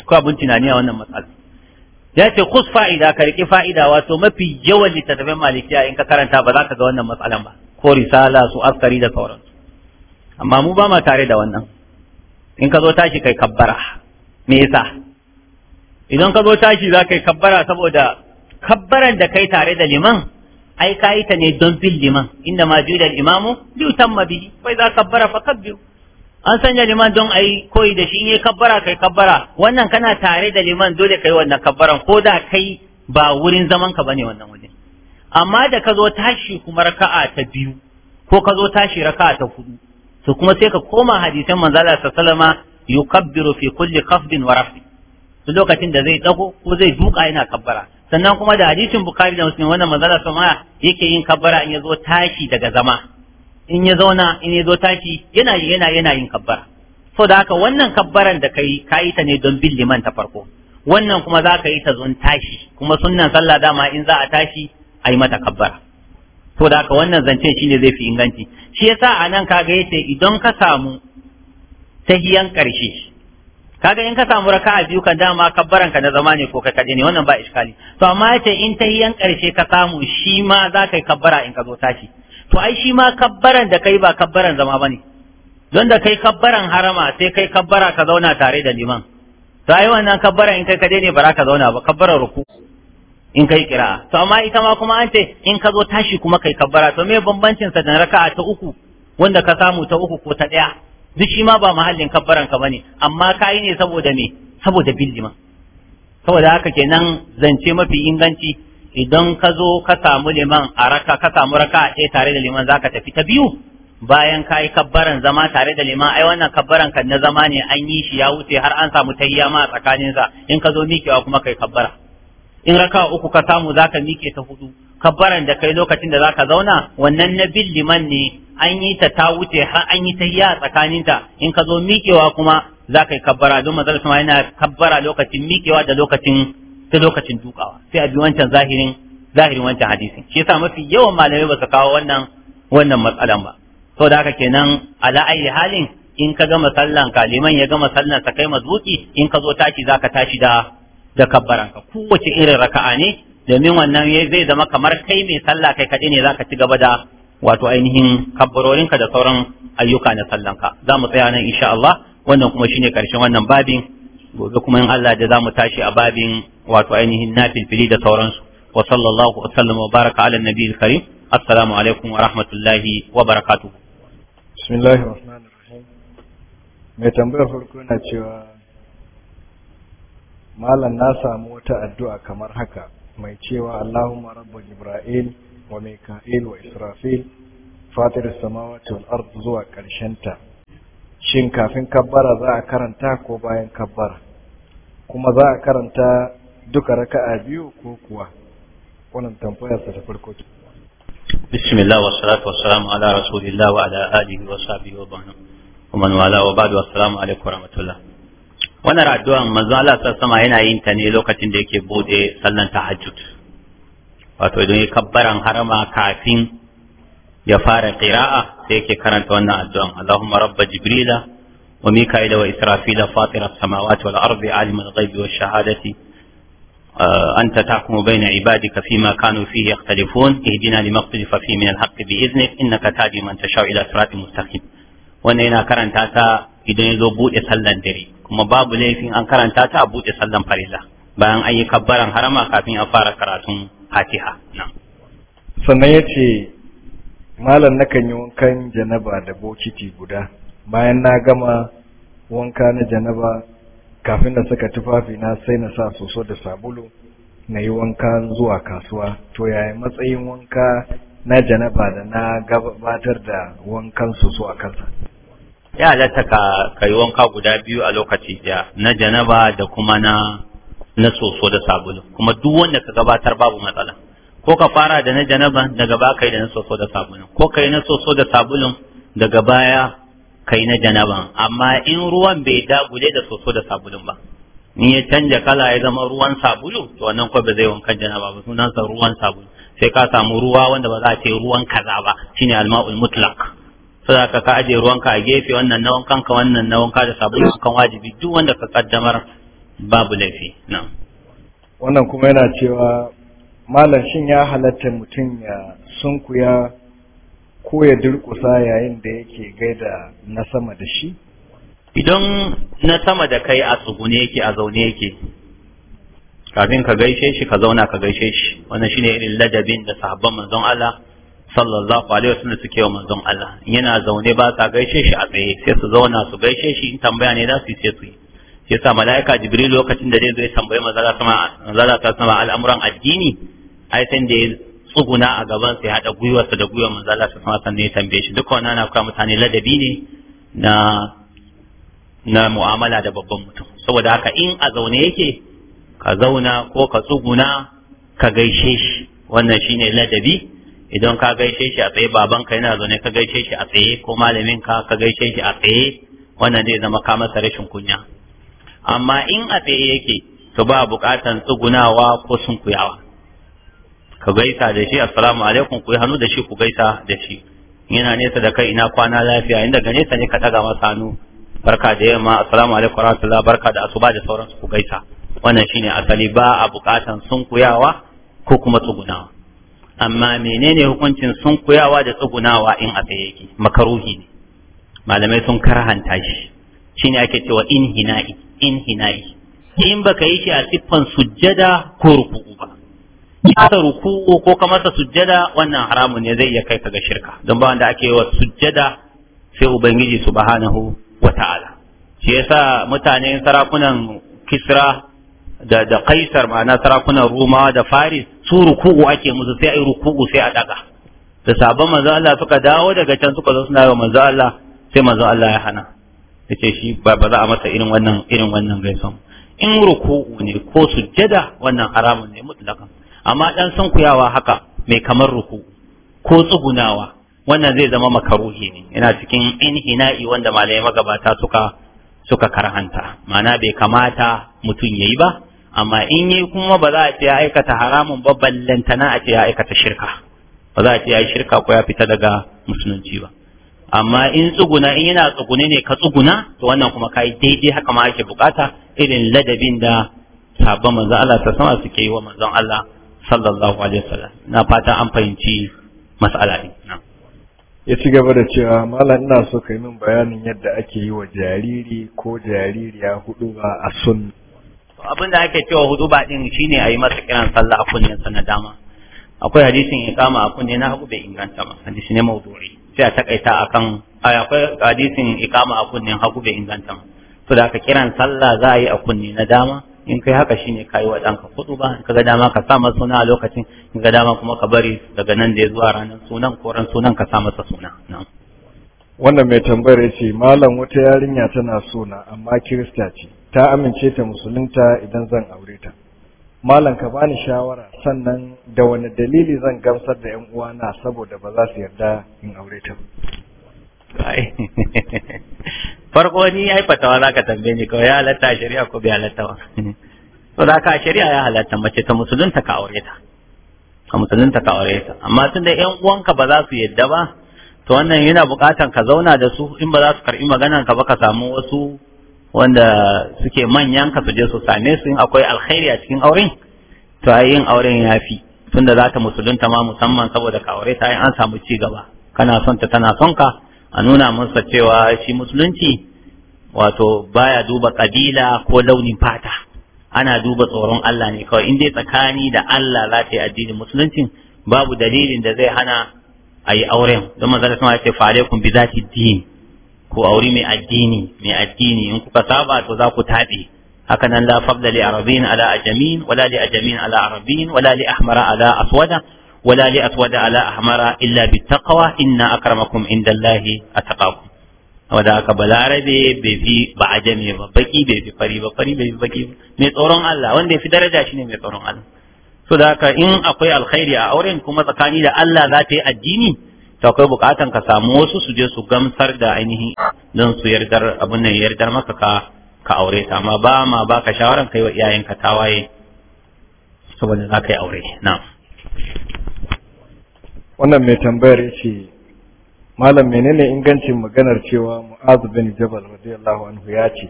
ko abun tunani a wannan matsala ya ce kus fa'ida ka riƙi fa'ida wato mafi yawan littattafan malikiya in ka karanta ba za ka ga wannan matsalan ba ko risala su askari da sauransu amma mu ba ma tare da wannan in ka zo tashi kai kabbara me yasa idan ka zo tashi za ka yi kabbara saboda kabbaran da kai tare da liman ai ka yi ta ne don bin liman inda ma da juda imamu bi ma biyu. fa za kabbara fa kabbi. an sanya liman don ai koyi da shi in yi kabbara kai kabbara wannan kana tare da liman dole kai wannan kabbaran ko da kai ba wurin zaman ka bane wannan wajen amma da ka zo tashi kuma raka'a ta biyu ko ka zo tashi raka'a ta hudu to kuma sai ka koma hadisan manzala sallallahu alaihi wasallama yukabbiru fi kulli khafdin wa rafi duk lokacin da zai dago ko zai duka yana kabbara sannan kuma da hadisin bukari da muslim wannan manzala sama yake yin kabbara in ya zo tashi daga zama in ya zauna in ya zo tashi yana yana yana yin kabbara so da haka wannan kabbaran da kai ka yi ta ne don bin liman ta farko wannan kuma za ka yi ta zon tashi kuma sunnan sallah dama in za a tashi a yi mata kabbara to da haka wannan zancen shine zai fi inganci shi yasa a nan kaga yace idan ka samu tahiyan ƙarshe. kaga in ka samu a biyu kan dama kabbaran ka na zama ne ko ka kaje ne wannan ba iskali to amma yace in ta yan karshe ka samu shi ma za ka yi kabbara in ka zo tashi to ai shi ma kabbaran da kai ba kabbaran zama ba ne. don da kai kabbaran harama sai kai kabbara ka zauna tare da liman to ai wannan kabbara in kai kaje ne ba za ka zauna ba kabbaran ruku in kai kira to amma ita ma kuma an ce in ka zo tashi kuma kai kabbara to me bambancin sa da raka'a ta uku wanda ka samu ta uku ko ta daya duk shi ma ba mahallin kabbaran ka bane amma kai ne saboda me saboda bildima saboda haka kenan zance mafi inganci idan ka zo ka samu liman a raka ka samu raka a ɗaya tare da liman za ka tafi ta biyu bayan ka yi kabbaran zama tare da liman ai wannan kabbaran ka na zama ne an yi shi ya wuce har an samu tayya ma a tsakaninsa in ka zo mikewa kuma ka yi kabbara in raka uku ka samu za ka mike ta hudu kabbaran da kai lokacin da za ka zauna wannan na bin liman ne an yi ta ta wuce har an yi ta iya tsakaninta in ka zo miƙewa kuma za ka yi kabbara don mazal sama yana kabbara lokacin miƙewa da lokacin ta lokacin dukawa sai a bi wancan zahirin zahirin wancan hadisin shi yasa mafi yawan malamai ba su kawo wannan wannan matsalan ba da haka kenan ala ayi halin in ka gama sallan ka liman ya gama sallan sa kai mazuki in ka zo tashi ka tashi da da kabbaran kowace irin raka'a ne domin wannan zai zama kamar kai mai sallah kai kaɗai ne za ka ci gaba da wato ainihin kabbarorinka da sauran ayyuka na sallanka za mu tsaya nan insha Allah wannan kuma shine karshen wannan babin gobe kuma in Allah da za mu tashi a babin wato ainihin nafilfili da sauransu wa sallallahu wa sallama wa baraka ala nabiyil karim assalamu alaikum wa rahmatullahi wa barakatuh bismillahir rahmanir rahim mai tambayar farko na cewa malam na samu wata addu'a kamar haka mai cewa Allahumma rabba Jibra'il wa Mika'il wa Israfil fatir samawati wal ard zuwa karshen ta shin kafin kabbara za a karanta ko bayan kabbara kuma za a karanta duka raka'a biyu ko kuwa wannan tambayar ta farko بسم الله والصلاة والسلام على رسول الله وعلى آله وصحبه ومن والاه وبعد والسلام عليكم ورحمة الله wannan addu'an manzo Allah sallallahu yana yin ta ne lokacin da yake buɗe sallan tahajjud wato idan ya kabbaran harama kafin ya fara qira'a sai yake karanta wannan addu'an Allahumma rabb Jibrila wa mika'il wa israfil fatir as-samawati wal ardi alim al-ghayb wa shahadati uh, anta tahkumu bayna ibadika fima kanu fihi yakhtalifun ihdina lima ikhtalafa fihi min al-haqq bi'iznik innaka tahdi man tashaa ila siratin mustaqim wannan yana karanta ta idan ya zo buɗe sallan dare kuma babu laifin an karanta ta a buɗe sallan fariza bayan an yi kabbaran harama kafin a fara karatun fatiha nan sannan ya ce malam nakan yi wankan janaba da bokiti guda bayan na gama wanka na janaba kafin na saka tufafi na sai na sa soso da sabulu na yi wanka zuwa kasuwa to yaya matsayin wanka na janaba da na gabatar da wankan soso a kansa ya halatta ka kai wanka guda biyu a lokaci ɗaya na janaba da kuma na na soso da sabulu kuma duk wanda ka gabatar babu matsala ko ka fara da na janaba daga baya kai da na soso da sabulun ko kai na soso da sabulun daga baya kai na janaban amma in ruwan bai dagule da soso da sabulun ba in ya canja kala ya zama ruwan sabulu to wannan ko ba zai wanka janaba ba sa ruwan sabulu sai ka samu ruwa wanda ba za a ce ruwan kaza ba shine alma'ul mutlaq sai ka ka aje ruwanka a gefe wannan na wankan ka wannan na wanka da sabulu kan wajibi duk wanda ka kaddamar babu laifi na wannan kuma yana cewa malam shin ya halatta mutum ya sunkuya ko ya durkusa yayin da yake gaida na sama da shi idan na sama da kai a tsugune yake a zaune yake kafin ka gaishe shi ka zauna ka gaishe shi wannan shine irin ladabin da sahabban manzon Allah sallallahu alaihi wasallam suke wa manzon Allah yana zaune ba gaishe shi a tsaye sai su zauna su gaishe shi in tambaya ne za su yi sai su yi sai sa malaika jibril lokacin da zai zo ya tambayi sama ta sama al'amuran addini ai san da ya tsuguna a gaban sai hada gwiwarsa da gwiwar manzon Allah sama sannan ya tambaye shi duka wannan na kawo mutane ladabi ne na na mu'amala da babban mutum saboda haka in a zaune yake ka zauna ko ka tsuguna ka gaishe shi wannan shine ladabi idan ka gaishe shi a tsaye babanka yana zaune ka gaishe shi a tsaye ko malamin ka ka gaishe shi a tsaye wannan zai zama ka masa rashin kunya amma in a tsaye yake to ba buƙatan tsugunawa ko sunkuyawa ka gaisa da shi assalamu alaikum ku yi hannu da shi ku gaisa da shi yana nesa da kai ina kwana lafiya inda ga nesa ne ka ɗaga masa hannu barka da yamma assalamu alaikum rahmatullah barka da asuba da sauransu ku gaisa wannan shine asali ba a buƙatan sunkuyawa ko kuma tsugunawa amma menene hukuncin sun kuyawa da tsugunawa in a yake makaruhi ne malamai sun karhanta shi shine ake cewa in hina'i in hina'i in baka yi shi a siffan sujjada ko ruku'u ba masa ruku'u ko ka masa sujjada wannan haramun ne zai iya kai ka ga shirka don ba wanda ake wa sujjada sai ubangiji subhanahu wa ta'ala shi yasa mutane sarakunan kisra da da kaisar ma'ana sarakunan roma da faris su ruku'u ake musu sai ai ruku'u sai a daga da sabon manzo Allah suka dawo daga can suka zo suna wa manzo Allah sai manzo Allah ya hana yace shi ba ba za a masa irin wannan irin wannan gaisan in ruku'u ne ko sujjada wannan haramun ne mutlakan amma dan sankuyawa haka mai kamar ruku ko tsugunawa wannan zai zama makaruhi ne ina cikin inhina'i wanda malamai magabata suka suka karhanta ma'ana bai kamata mutum yayi ba amma in yi kuma ba za a ce ya aikata haramun ba ballantana a ce ya aikata shirka ba za a ce ya yi shirka ko ya fita daga musulunci ba amma in tsuguna in yana tsugune ne ka tsuguna to wannan kuma kai daidai haka ma ake bukata irin ladabin da sabon manzon Allah ta sama suke yi wa manzon Allah sallallahu alaihi wasallam na fata an fahimci mas'ala din ya ci gaba da cewa malam ina so kai min bayanin yadda ake yi wa jariri ko jaririya hudu ba a sunna abin da ake cewa ba din shine ayi masa kiran sallah a kunnen na dama akwai hadisin iqama a kunne na hagu bai inganta ba hadisi ne mawdu'i sai a takaita akan akwai hadisin kama a kunnen hagu bai inganta ba to da aka kiran sallah za a yi a kunne na dama in kai haka shine kai wa danka hudu ba in kaga dama ka sa masa suna a lokacin in ga dama kuma ka bari daga nan da ya zuwa ranar sunan ko ran sunan ka sa masa suna wannan mai tambayar ce malam wata yarinya tana suna amma kirista ce ta amince ta musulunta idan zan aure ta malam ka bani shawara sannan da wani dalili zan gamsar da yan uwana saboda ba za su yarda in aure ta farko ni ai fatawa ka tambaye ni ko ya halatta shari'a ko bai halatta ba to da ka shari'a ya halatta mace ta musulunta ka aure ta ka musulunta ka aure ta amma tun da yan uwanka ba za su yadda ba to wannan yana bukatan ka zauna da su in ba za su karbi maganan ka ba ka samu wasu wanda suke manyan ka su je su same su in akwai alkhairi a cikin auren to a yin auren ya fi tunda za ta musulunta ma musamman saboda ka aure ta an samu ci gaba kana son ta tana son ka a nuna masa cewa shi musulunci wato baya duba kabila ko launin fata ana duba tsoron Allah ne kawai in dai tsakani da Allah za ta yi addinin musulunci babu dalilin da zai hana a yi auren don manzon Allah ya ce fa kun bi zati din ku auri mai addini mai addini in kuka saba to za ku tabe haka nan la fadla li arabin ala ajamin wala li ajamin ala arabin wala li ahmara ala aswada wala li aswada ala ahmara illa bi bittaqwa inna akramakum indallahi ataqakum wanda haka balarabe bai fi ba a jami ba baki bai fi fari ba fari bai fi baki mai tsoron Allah wanda ya fi daraja shine mai tsoron Allah so da haka in akwai alkhairi a auren kuma tsakani da Allah za ta yi addini to akwai bukatan ka samu wasu su je su gamsar da ainihin don su yardar abin nan yardar maka ka ka aure ta amma ba ma baka shawaran kai wa ta tawaye saboda za ka yi aure na'am wannan mai tambayar yace malam menene ingancin maganar cewa mu'az bin jabal radiyallahu anhu ya ce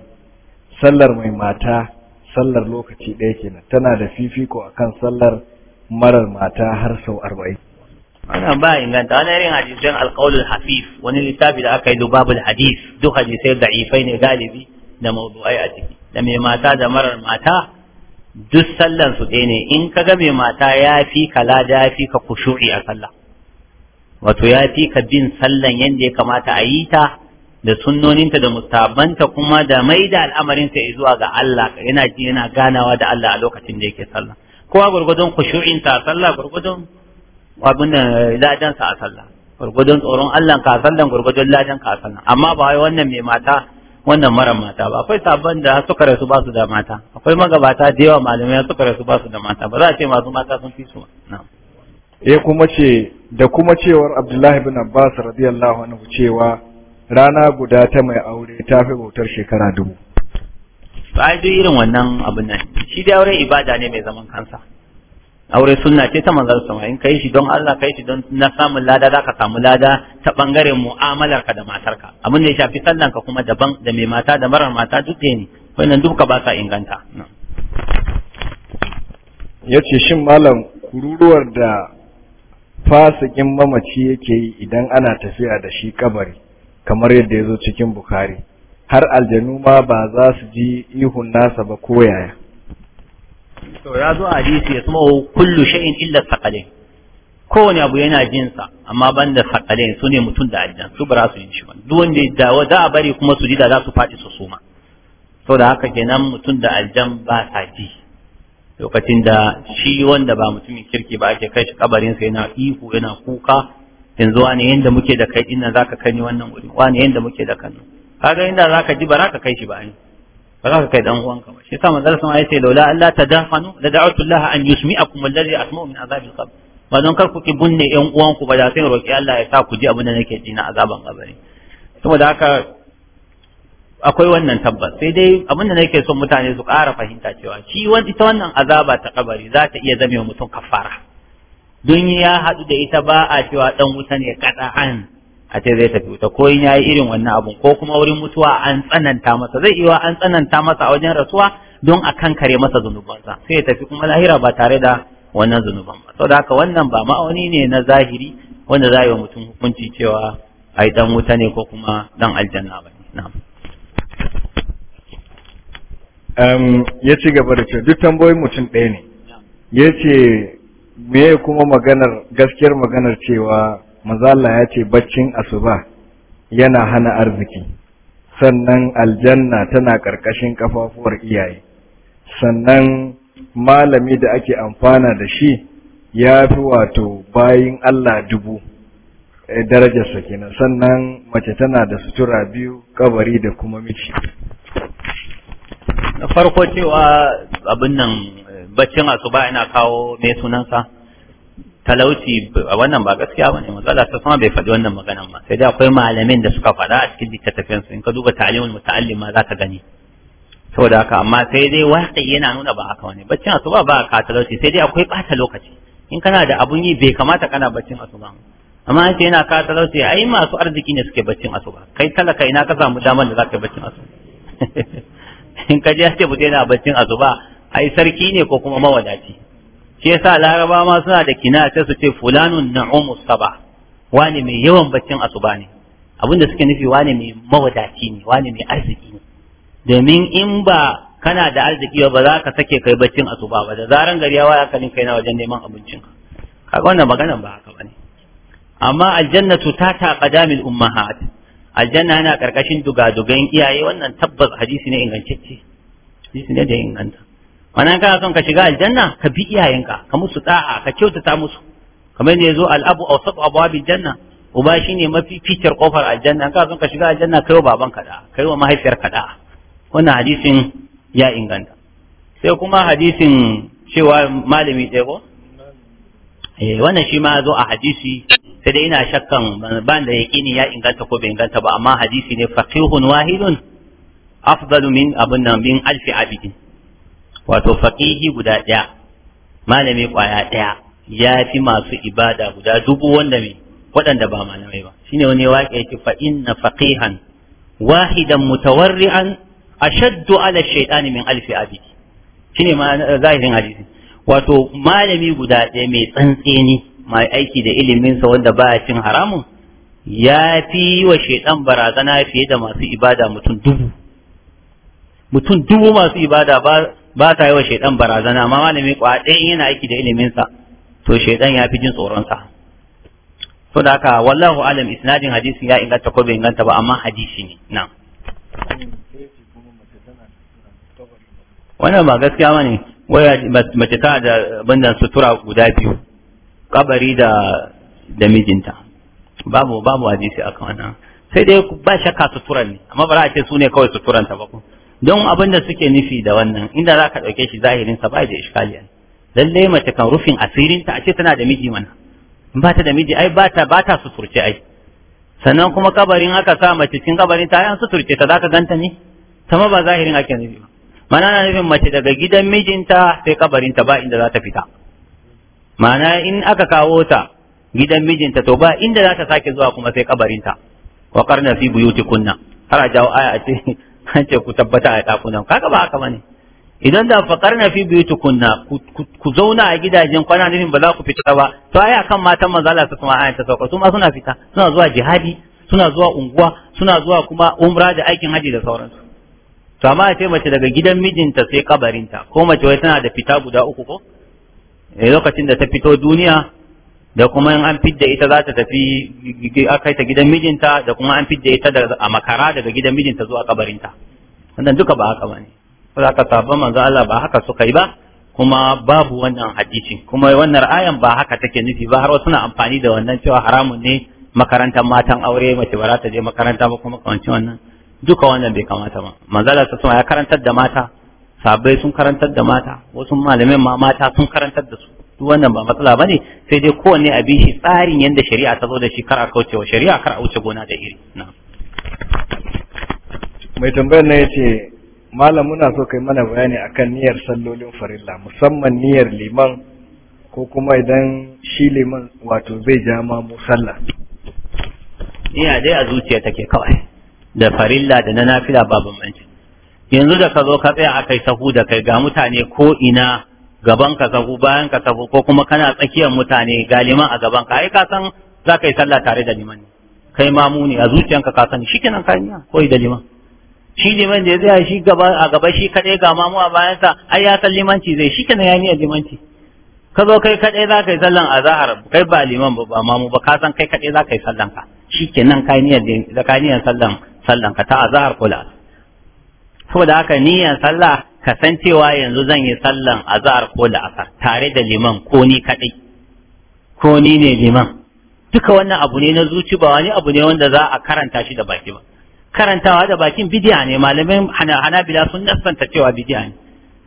sallar mai mata sallar lokaci ɗaya kenan tana da fifiko akan sallar marar mata har sau arba'in Ana ba inganta wani irin hadisin alqaulul hafif wani littafi da aka yi dubabul hadis duk hadisai ifai ne galibi da mawdu'ai a ciki da mai mata da marar mata duk sallan su ɗaya ne in ka ga mai mata ya fi ka lada ya fi ka kushu'i a sallah wato ya fi ka bin sallan yadda ya kamata a yi ta da sunnoninta da mustabanta kuma da mai da al'amarin al'amarinta zuwa ga Allah yana ji yana ganawa da Allah a lokacin da yake sallah kowa gurgudun kushu'inta sallah gurgudun abin da ladan sa a sallah gurgudun tsoron Allah ka sallan gurgudun ladan ka sallan amma ba wai wannan mai mata wannan mara mata ba akwai sabon da suka rasu ba su da mata akwai magabata da yawa malamai suka rasu ba su da mata ba za a ce masu mata sun fi su ya kuma ce da kuma cewar Abdullahi bin Abbas radiyallahu anhu cewa rana guda ta mai aure ta fi bautar shekara dubu ba duk irin wannan abin nan shi da aure ibada ne mai zaman kansa aure sunna ce ta manzon sama in kai shi don Allah kai shi don na samu lada zaka samu lada ta bangaren mu'amalar ka da matarka abin da ya shafi sallan ka kuma daban da mai mata da marar mata duk ne wannan duka ba sa inganta yace shin malam kururuwar da fasikin mamaci yake yi idan ana tafiya da shi kabari kamar yadda ya zo cikin bukari har aljanu ma ba za su ji ihun nasa ba ko yaya to ya zo a hadisi ya suma kullu shay'in illa saqalain kowane abu yana jin sa amma banda saqalain su ne mutum da aljan su bara su yin shi ban duk wanda da da a bari kuma su ji da za su fadi su suma saboda haka kenan mutum da aljan ba sa ji lokacin da shi wanda ba mutumin kirki ba ake kai shi kabarin sa yana ihu yana kuka yanzu wani yanda muke da kai dinnan zaka kani wannan wurin wani yanda muke da kanu kaga inda zaka ji ba za ka kai shi ba ne ba za ka kai dan uwanka ka shi yasa manzon sama yace laula Allah tadafanu la da'utu Allah an yusmi'akum alladhi asma'u min azabil qabr ba don kar ku ki bunne yan uwanku ba da sai roki Allah ya sa ku ji abin da nake ji na azaban kabari saboda haka akwai wannan tabbas sai dai abin da nake son mutane su ƙara fahimta cewa shi ita wannan azaba ta kabari za ta iya zame mutum kafara don ya haɗu da ita ba a cewa dan wuta ne kada'an a ce zai tafi wuta ko in yayi irin wannan abun ko kuma wurin mutuwa an tsananta masa zai iya an tsananta masa a wajen rasuwa don a kankare masa zunubansa sai ya tafi kuma lahira ba tare da wannan zunuban ba saboda haka wannan ba ma'auni ne na zahiri wanda za yi wa mutum hukunci cewa ai dan wuta ne ko kuma dan aljanna ba na'am ya ci gaba da cewa duk tambayoyin mutum ɗaya ne ya ce me kuma maganar gaskiyar maganar cewa mazalla ya ce baccin asuba yana hana arziki sannan aljanna tana ƙarƙashin kafafuwar iyaye sannan malami da ake amfana da shi ya fi wato bayin Allah dubu eh, darajarsa kenan sannan mace tana da sutura biyu kabari da kuma miji na farko cewa abin nan eh, baccin asuba yana kawo mai sunansa talauci wannan ba gaskiya bane matsala ta sama bai faɗi wannan maganan ba sai dai akwai malamin da suka faɗa a cikin littattafin su in ka duba ta'limul muta'allim ma zaka gani saboda haka amma sai dai waƙi yana nuna ba haka wani baccin asuba ba ka talauci sai dai akwai ɓata lokaci in kana da abun yi bai kamata kana baccin asuba amma an ce yana ka talauci ai masu arziki ne suke baccin asuba kai talaka ina ka samu damar da yi baccin asuba in ka je ce mutum yana baccin asuba ai sarki ne ko kuma mawadaci shi yasa laraba ma suna da kina sai su ce fulanun na'umu saba wani mai yawan baccin asuba ne abin da suke nufi wani mai mawadaci ne wani mai arziki ne domin in ba kana da arziki ba za ka sake kai baccin asuba ba da zaran gari ya waya ka kai na wajen neman abincin ka kaga wannan maganan ba haka bane amma aljannatu ta ta qadamil ummahat aljanna yana karkashin dugadugan iyaye wannan tabbas hadisi ne ingantacce hadisi ne da inganta wannan kana son ka shiga aljanna ka bi iyayenka ka musu da'a ka kyautata musu kamar yadda zo al'abu a wasu abwabil janna uba shine mafi fitar kofar aljanna kana son ka shiga aljanna kai wa babanka da kai wa mahaifiyarka da wannan hadisin ya inganta sai kuma hadisin cewa malami ɗaya ko eh wannan shi ma zo a hadisi sai dai ina shakkan ban da yaqini ya inganta ko bai inganta ba amma hadisi ne faqihun wahidun afdalu min abun nan min alfi abidin wato faƙihi guda ɗaya malami ƙwaya ɗaya ya fi masu ibada guda dubu wanda mai waɗanda ba malamai ba shi ne wani waƙe yake fa’in na faqihan wahidan mutawarri'an shaddu ala shaytani min alfi abid shine ma zahirin hadisi wato malami guda ɗaya mai tsantseni mai aiki da iliminsa wanda ba a cin haramun ya fi wa shaidan barazana fiye da masu ibada mutum dubu mutum dubu masu ibada ba ba ta yi wa shaidan barazana amma malami kwaɗe yana aiki da iliminsa to shaidan ya fi jin tsoronsa to da haka wallahu alam isnadin hadisin ya inganta ko bai inganta ba amma hadisi ne na wannan ba gaskiya ba ne waya mace ta da bandan sutura guda biyu kabari da da mijinta babu babu hadisi akan wannan sai dai ba shakka suturan ne amma ba za a ce su ne kawai suturanta ba ko don abin da suke nufi da wannan inda za ka ɗauke shi zahirin sa ba da iskaliya lalle mace kan rufin asirinta a ce tana da miji mana in ba ta da miji ai ba ta ba ta suturce ai sannan kuma kabarin aka sa mace cikin kabarin ta an suturce ta za ka ganta ne ma ba zahirin ake nufi ba mana na nufin mace daga gidan mijinta sai kabarinta ba inda za ta fita mana in aka kawo ta gidan mijinta to ba inda za ta sake zuwa kuma sai kabarinta wa karna fi buyutikunna har a jawo aya a ce an ce ku tabbata a ɗakunan kaga ba haka bane idan da na fi biyu tukunna ku zauna a gidajen kwana nufin ba za ku fita ba to ai akan matan maza Allah ta kuma a ta sauka su ma suna fita suna zuwa jihadi suna zuwa unguwa suna zuwa kuma umra da aikin haji da sauransu to amma ce mace daga gidan mijinta sai kabarinta ko mace wai tana da fita guda uku ko eh, lokacin da ta fito duniya da kuma in an fidda ita za ta tafi akai ta gidan mijinta da kuma an fidda ita a makara daga gidan mijinta zuwa kabarinta wannan duka ba haka bane saboda haka sabon manzo Allah ba haka suka yi ba kuma babu wannan hadisi kuma wannan ayan ba haka take nufi ba har wasu na amfani da wannan cewa haramun ne makarantar matan aure mace ba za ta je makaranta ba kuma kawance wannan duka wannan bai kamata ba manzala Allah suna ya karantar da mata sabai sun karantar da mata wasu malamin ma mata sun karantar da su duk wannan ba matsala ba ne sai dai kowanne a bi shi tsarin yadda shari'a ta zo da shi kar a kaucewa shari'a kar a wuce gona da iri mai tambayar na ya ce malam muna so kai mana bayani akan niyyar sallolin farilla musamman niyyar liman ko kuma idan shi liman wato zai ja ma mu sallah niyya dai a zuciya take kawai da farilla da na nafila babu manci yanzu da ka zo ka tsaya a kai sahu da kai ga mutane ko ina gaban ka sahu bayan ka sahu ko kuma kana tsakiyar mutane ga liman a gaban ka ai ka san za ka yi sallah tare da liman ne. kai mamu ne a zuciyanka ka sani shikenan ka yi ko da liman shi liman da zai shi gaba a gaba shi kadai ga mamu a bayan sa ai ya san limanci zai shi kenan ya niya limanci ka zo kai kadai za ka yi sallan a zahar kai ba liman ba ba mamu ba ka san kai kadai za ka yi sallan ka shi kenan kai niyyar da ka niyyar sallan sallan ka ta azhar kula saboda haka niyyar sallah kasancewa yanzu zan yi sallan azhar ko la'asar tare da liman ko ni kaɗai ko ni ne liman duka wannan abu ne na zuci ba wani abu ne wanda za a karanta shi da baki ba karantawa da bakin bidiya ne malamin hanabila sun nasanta cewa bidiya ne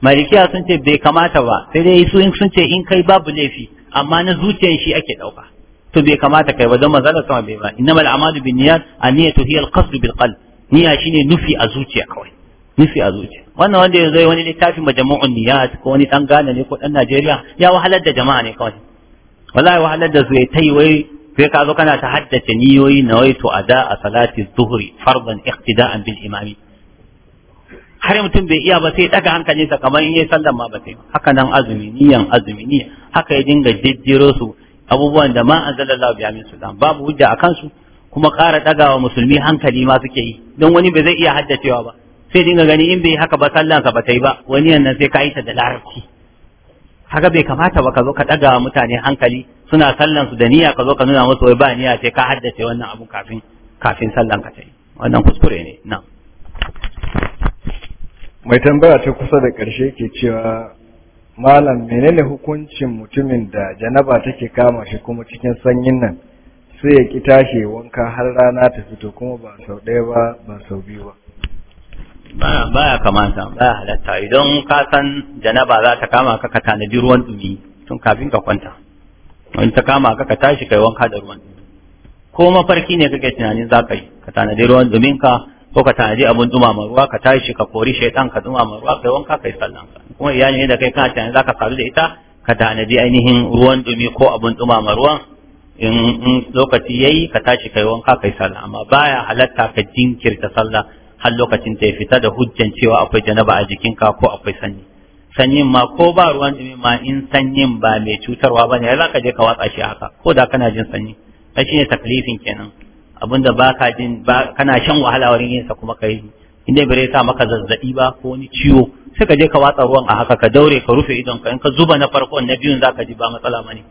malikiya sun ce bai kamata ba sai dai su sun ce in kai babu laifi amma na zuciyan shi ake ɗauka to bai kamata kai ba don manzalar sama bai ba innamal amalu bin niyyat a Niyyar hiya al-qasd bil qalb niyya shine nufi a zuciya kawai nufi a zuciya wannan wanda ya zo wani littafin majamu'un niyat ko wani dan Ghana ne ko dan Najeriya ya wahalar da jama'a ne kawai wallahi wahalar da su ya tai wai sai ka zo kana ta haddace niyoyi na wai to ada a salati zuhri fardan iqtida'an bil imami har mutum bai iya ba sai daga sa kamar in ya sallan ma ba sai haka nan azumi niyan azumi haka ya dinga jejjero su abubuwan da ma anzalallahu bi amin sultan babu hujja akan su kuma ƙara ɗagawa musulmi hankali ma suke yi don wani bai zai iya haddacewa ba sai dinga gani in bai haka ba sallansa ba ta yi ba wani yannan sai ka yi ta da larabci haka bai kamata ba ka zo ka ɗaga mutane hankali suna sallan su da niyya ka zo ka nuna musu wai ba niyya sai ka haddace wannan abu kafin kafin sallan ka ta yi wannan kuskure ne na mai tambaya ta kusa da ƙarshe ke cewa malam menene hukuncin mutumin da janaba take kama shi kuma cikin sanyin nan sai ya ki tashi wanka har rana ta fito kuma ba sau ɗaya ba ba sau biyu ba Ba ya kamata ba ya halatta idan ka san janaba za ta kama ka ka tanadi ruwan dumi tun kafin ka kwanta in ta kama ka ka tashi kai wanka da ruwan dumi ko mafarki ne kake tunanin za ka yi ka tanadi ruwan dumin ka ko ka tanadi abun dumama ruwa ka tashi ka kori shaitan ka dumama ruwa kai wanka kai sallan ka kuma iyali ne da kai kana tunanin za ka faru da ita ka tanadi ainihin ruwan dumi ko abun dumama ruwan in lokaci yayi ka tashi kai wanka kai sallah amma baya halatta ka jinkirta sallah har lokacin ta ya fita da hujjan cewa akwai janaba a jikinka ko akwai sanyi sanyin ma ko ba ruwan dumi ma in sanyin ba mai cutarwa bane ya zaka je ka watsa shi haka ko da kana jin sanyi kai shine taklifin kenan abinda baka jin ba kana shan wahala wurin yin sa kuma kai inda bare sa maka zazzabi ba ko wani ciwo sai ka je ka watsa ruwan a haka ka daure ka rufe idon ka in ka zuba na farko na biyun zaka ji ba matsala bane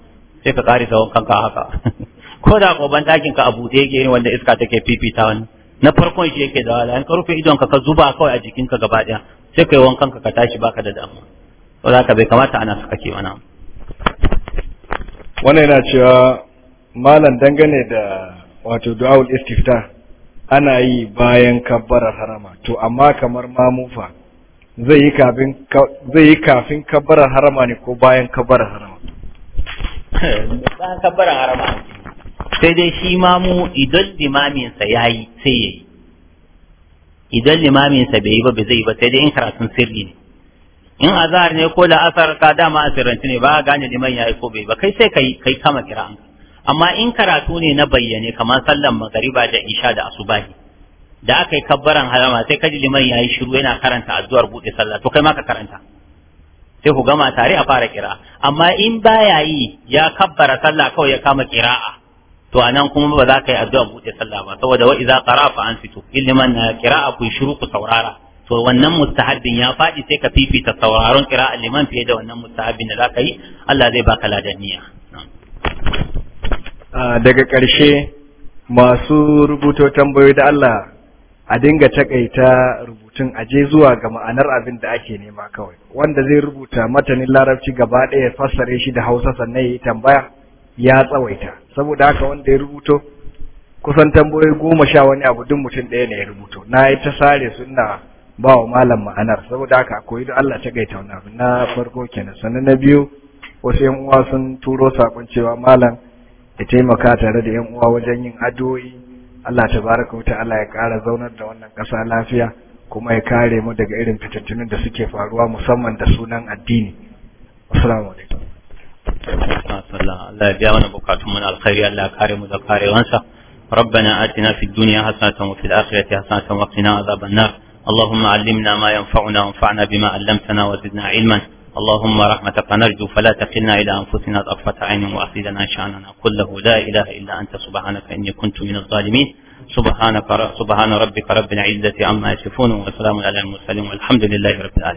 sai ka kare wankan ka haka ko da goban dakin ka a da yake wanda iska take fifita wani na farkon shi yake da wahala in ka rufe idonka ka zuba kawai a jikinka gaba ɗaya sai kai wankan ka tashi baka da damuwa za ka bai kamata ana suka ke mana wannan yana cewa malam dangane da wato du'aul istifta ana yi bayan kabbarar harama to amma kamar mamufa zai yi kafin zai yi kafin kabbarar harama ne ko bayan kabbarar harama bayan kabbarar harama sai dai shi mamu idan limaminsa ya yi sai ya yi idan limaminsa bai yi ba bai zai yi ba sai dai in karatun sirri ne in azhar ne ko la'asar ka dama asiranci ne ba a gane liman ya yi ko bai ba kai sai kai kai kama an amma in karatu ne na bayyane kamar sallan magariba da isha da asubahi da aka yi kabbaran harama sai kaji liman ya yi shiru yana karanta addu'ar buɗe sallah to kai ma ka karanta sai ku gama tare a fara kira amma in baya yi ya kabbara sallah kawai ya kama kira'a to anan kuma ba za ka yi addu'a buɗe sallah ba saboda wa idza qara fa an fitu illiman eh, qira'a ku shiru ku saurara to wannan mustahabbin ya faɗi sai ka fifita sauraron qira'a liman fiye da wannan mustahabbin da za ka yi Allah zai baka ladaniya ah, daga ƙarshe masu rubuto tambayoyi da Allah a dinga takaita rubutun aje zuwa ga ma'anar abin da ake nema kawai wanda zai rubuta matanin larabci gaba ɗaya fassare shi da hausa sannan ya yi tambaya ya tsawaita saboda haka wanda ya rubuto kusan tambayoyi goma sha wani abu duk mutum ɗaya ne ya rubuto na yi ta sare suna ba wa malam ma'anar saboda haka koyi da Allah ta gaita wani abu na farko kenan sannan na biyu wasu yan uwa sun turo sakon cewa malam ya taimaka tare da yan uwa wajen yin addu'o'i Allah Ta baraka wuta Allah ya ƙara zaunar da wannan ƙasa lafiya kuma ya kare mu daga irin fitattunan da suke faruwa musamman da sunan addini assalamu alaikum الله يبيعنا بكاتم من الخير الله كارم ذكاري وانسى ربنا آتنا في الدنيا حسنة وفي الآخرة حسنة وقنا عذاب النار اللهم علمنا ما ينفعنا وانفعنا بما علمتنا وزدنا علما اللهم رحمتك نرجو فلا تكلنا إلى أنفسنا طرفة عين واحدة شأننا كله لا إله إلا أنت سبحانك إني كنت من الظالمين سبحانك سبحان ربك رب العزة عما يصفون وسلام على المرسلين والحمد لله رب العالمين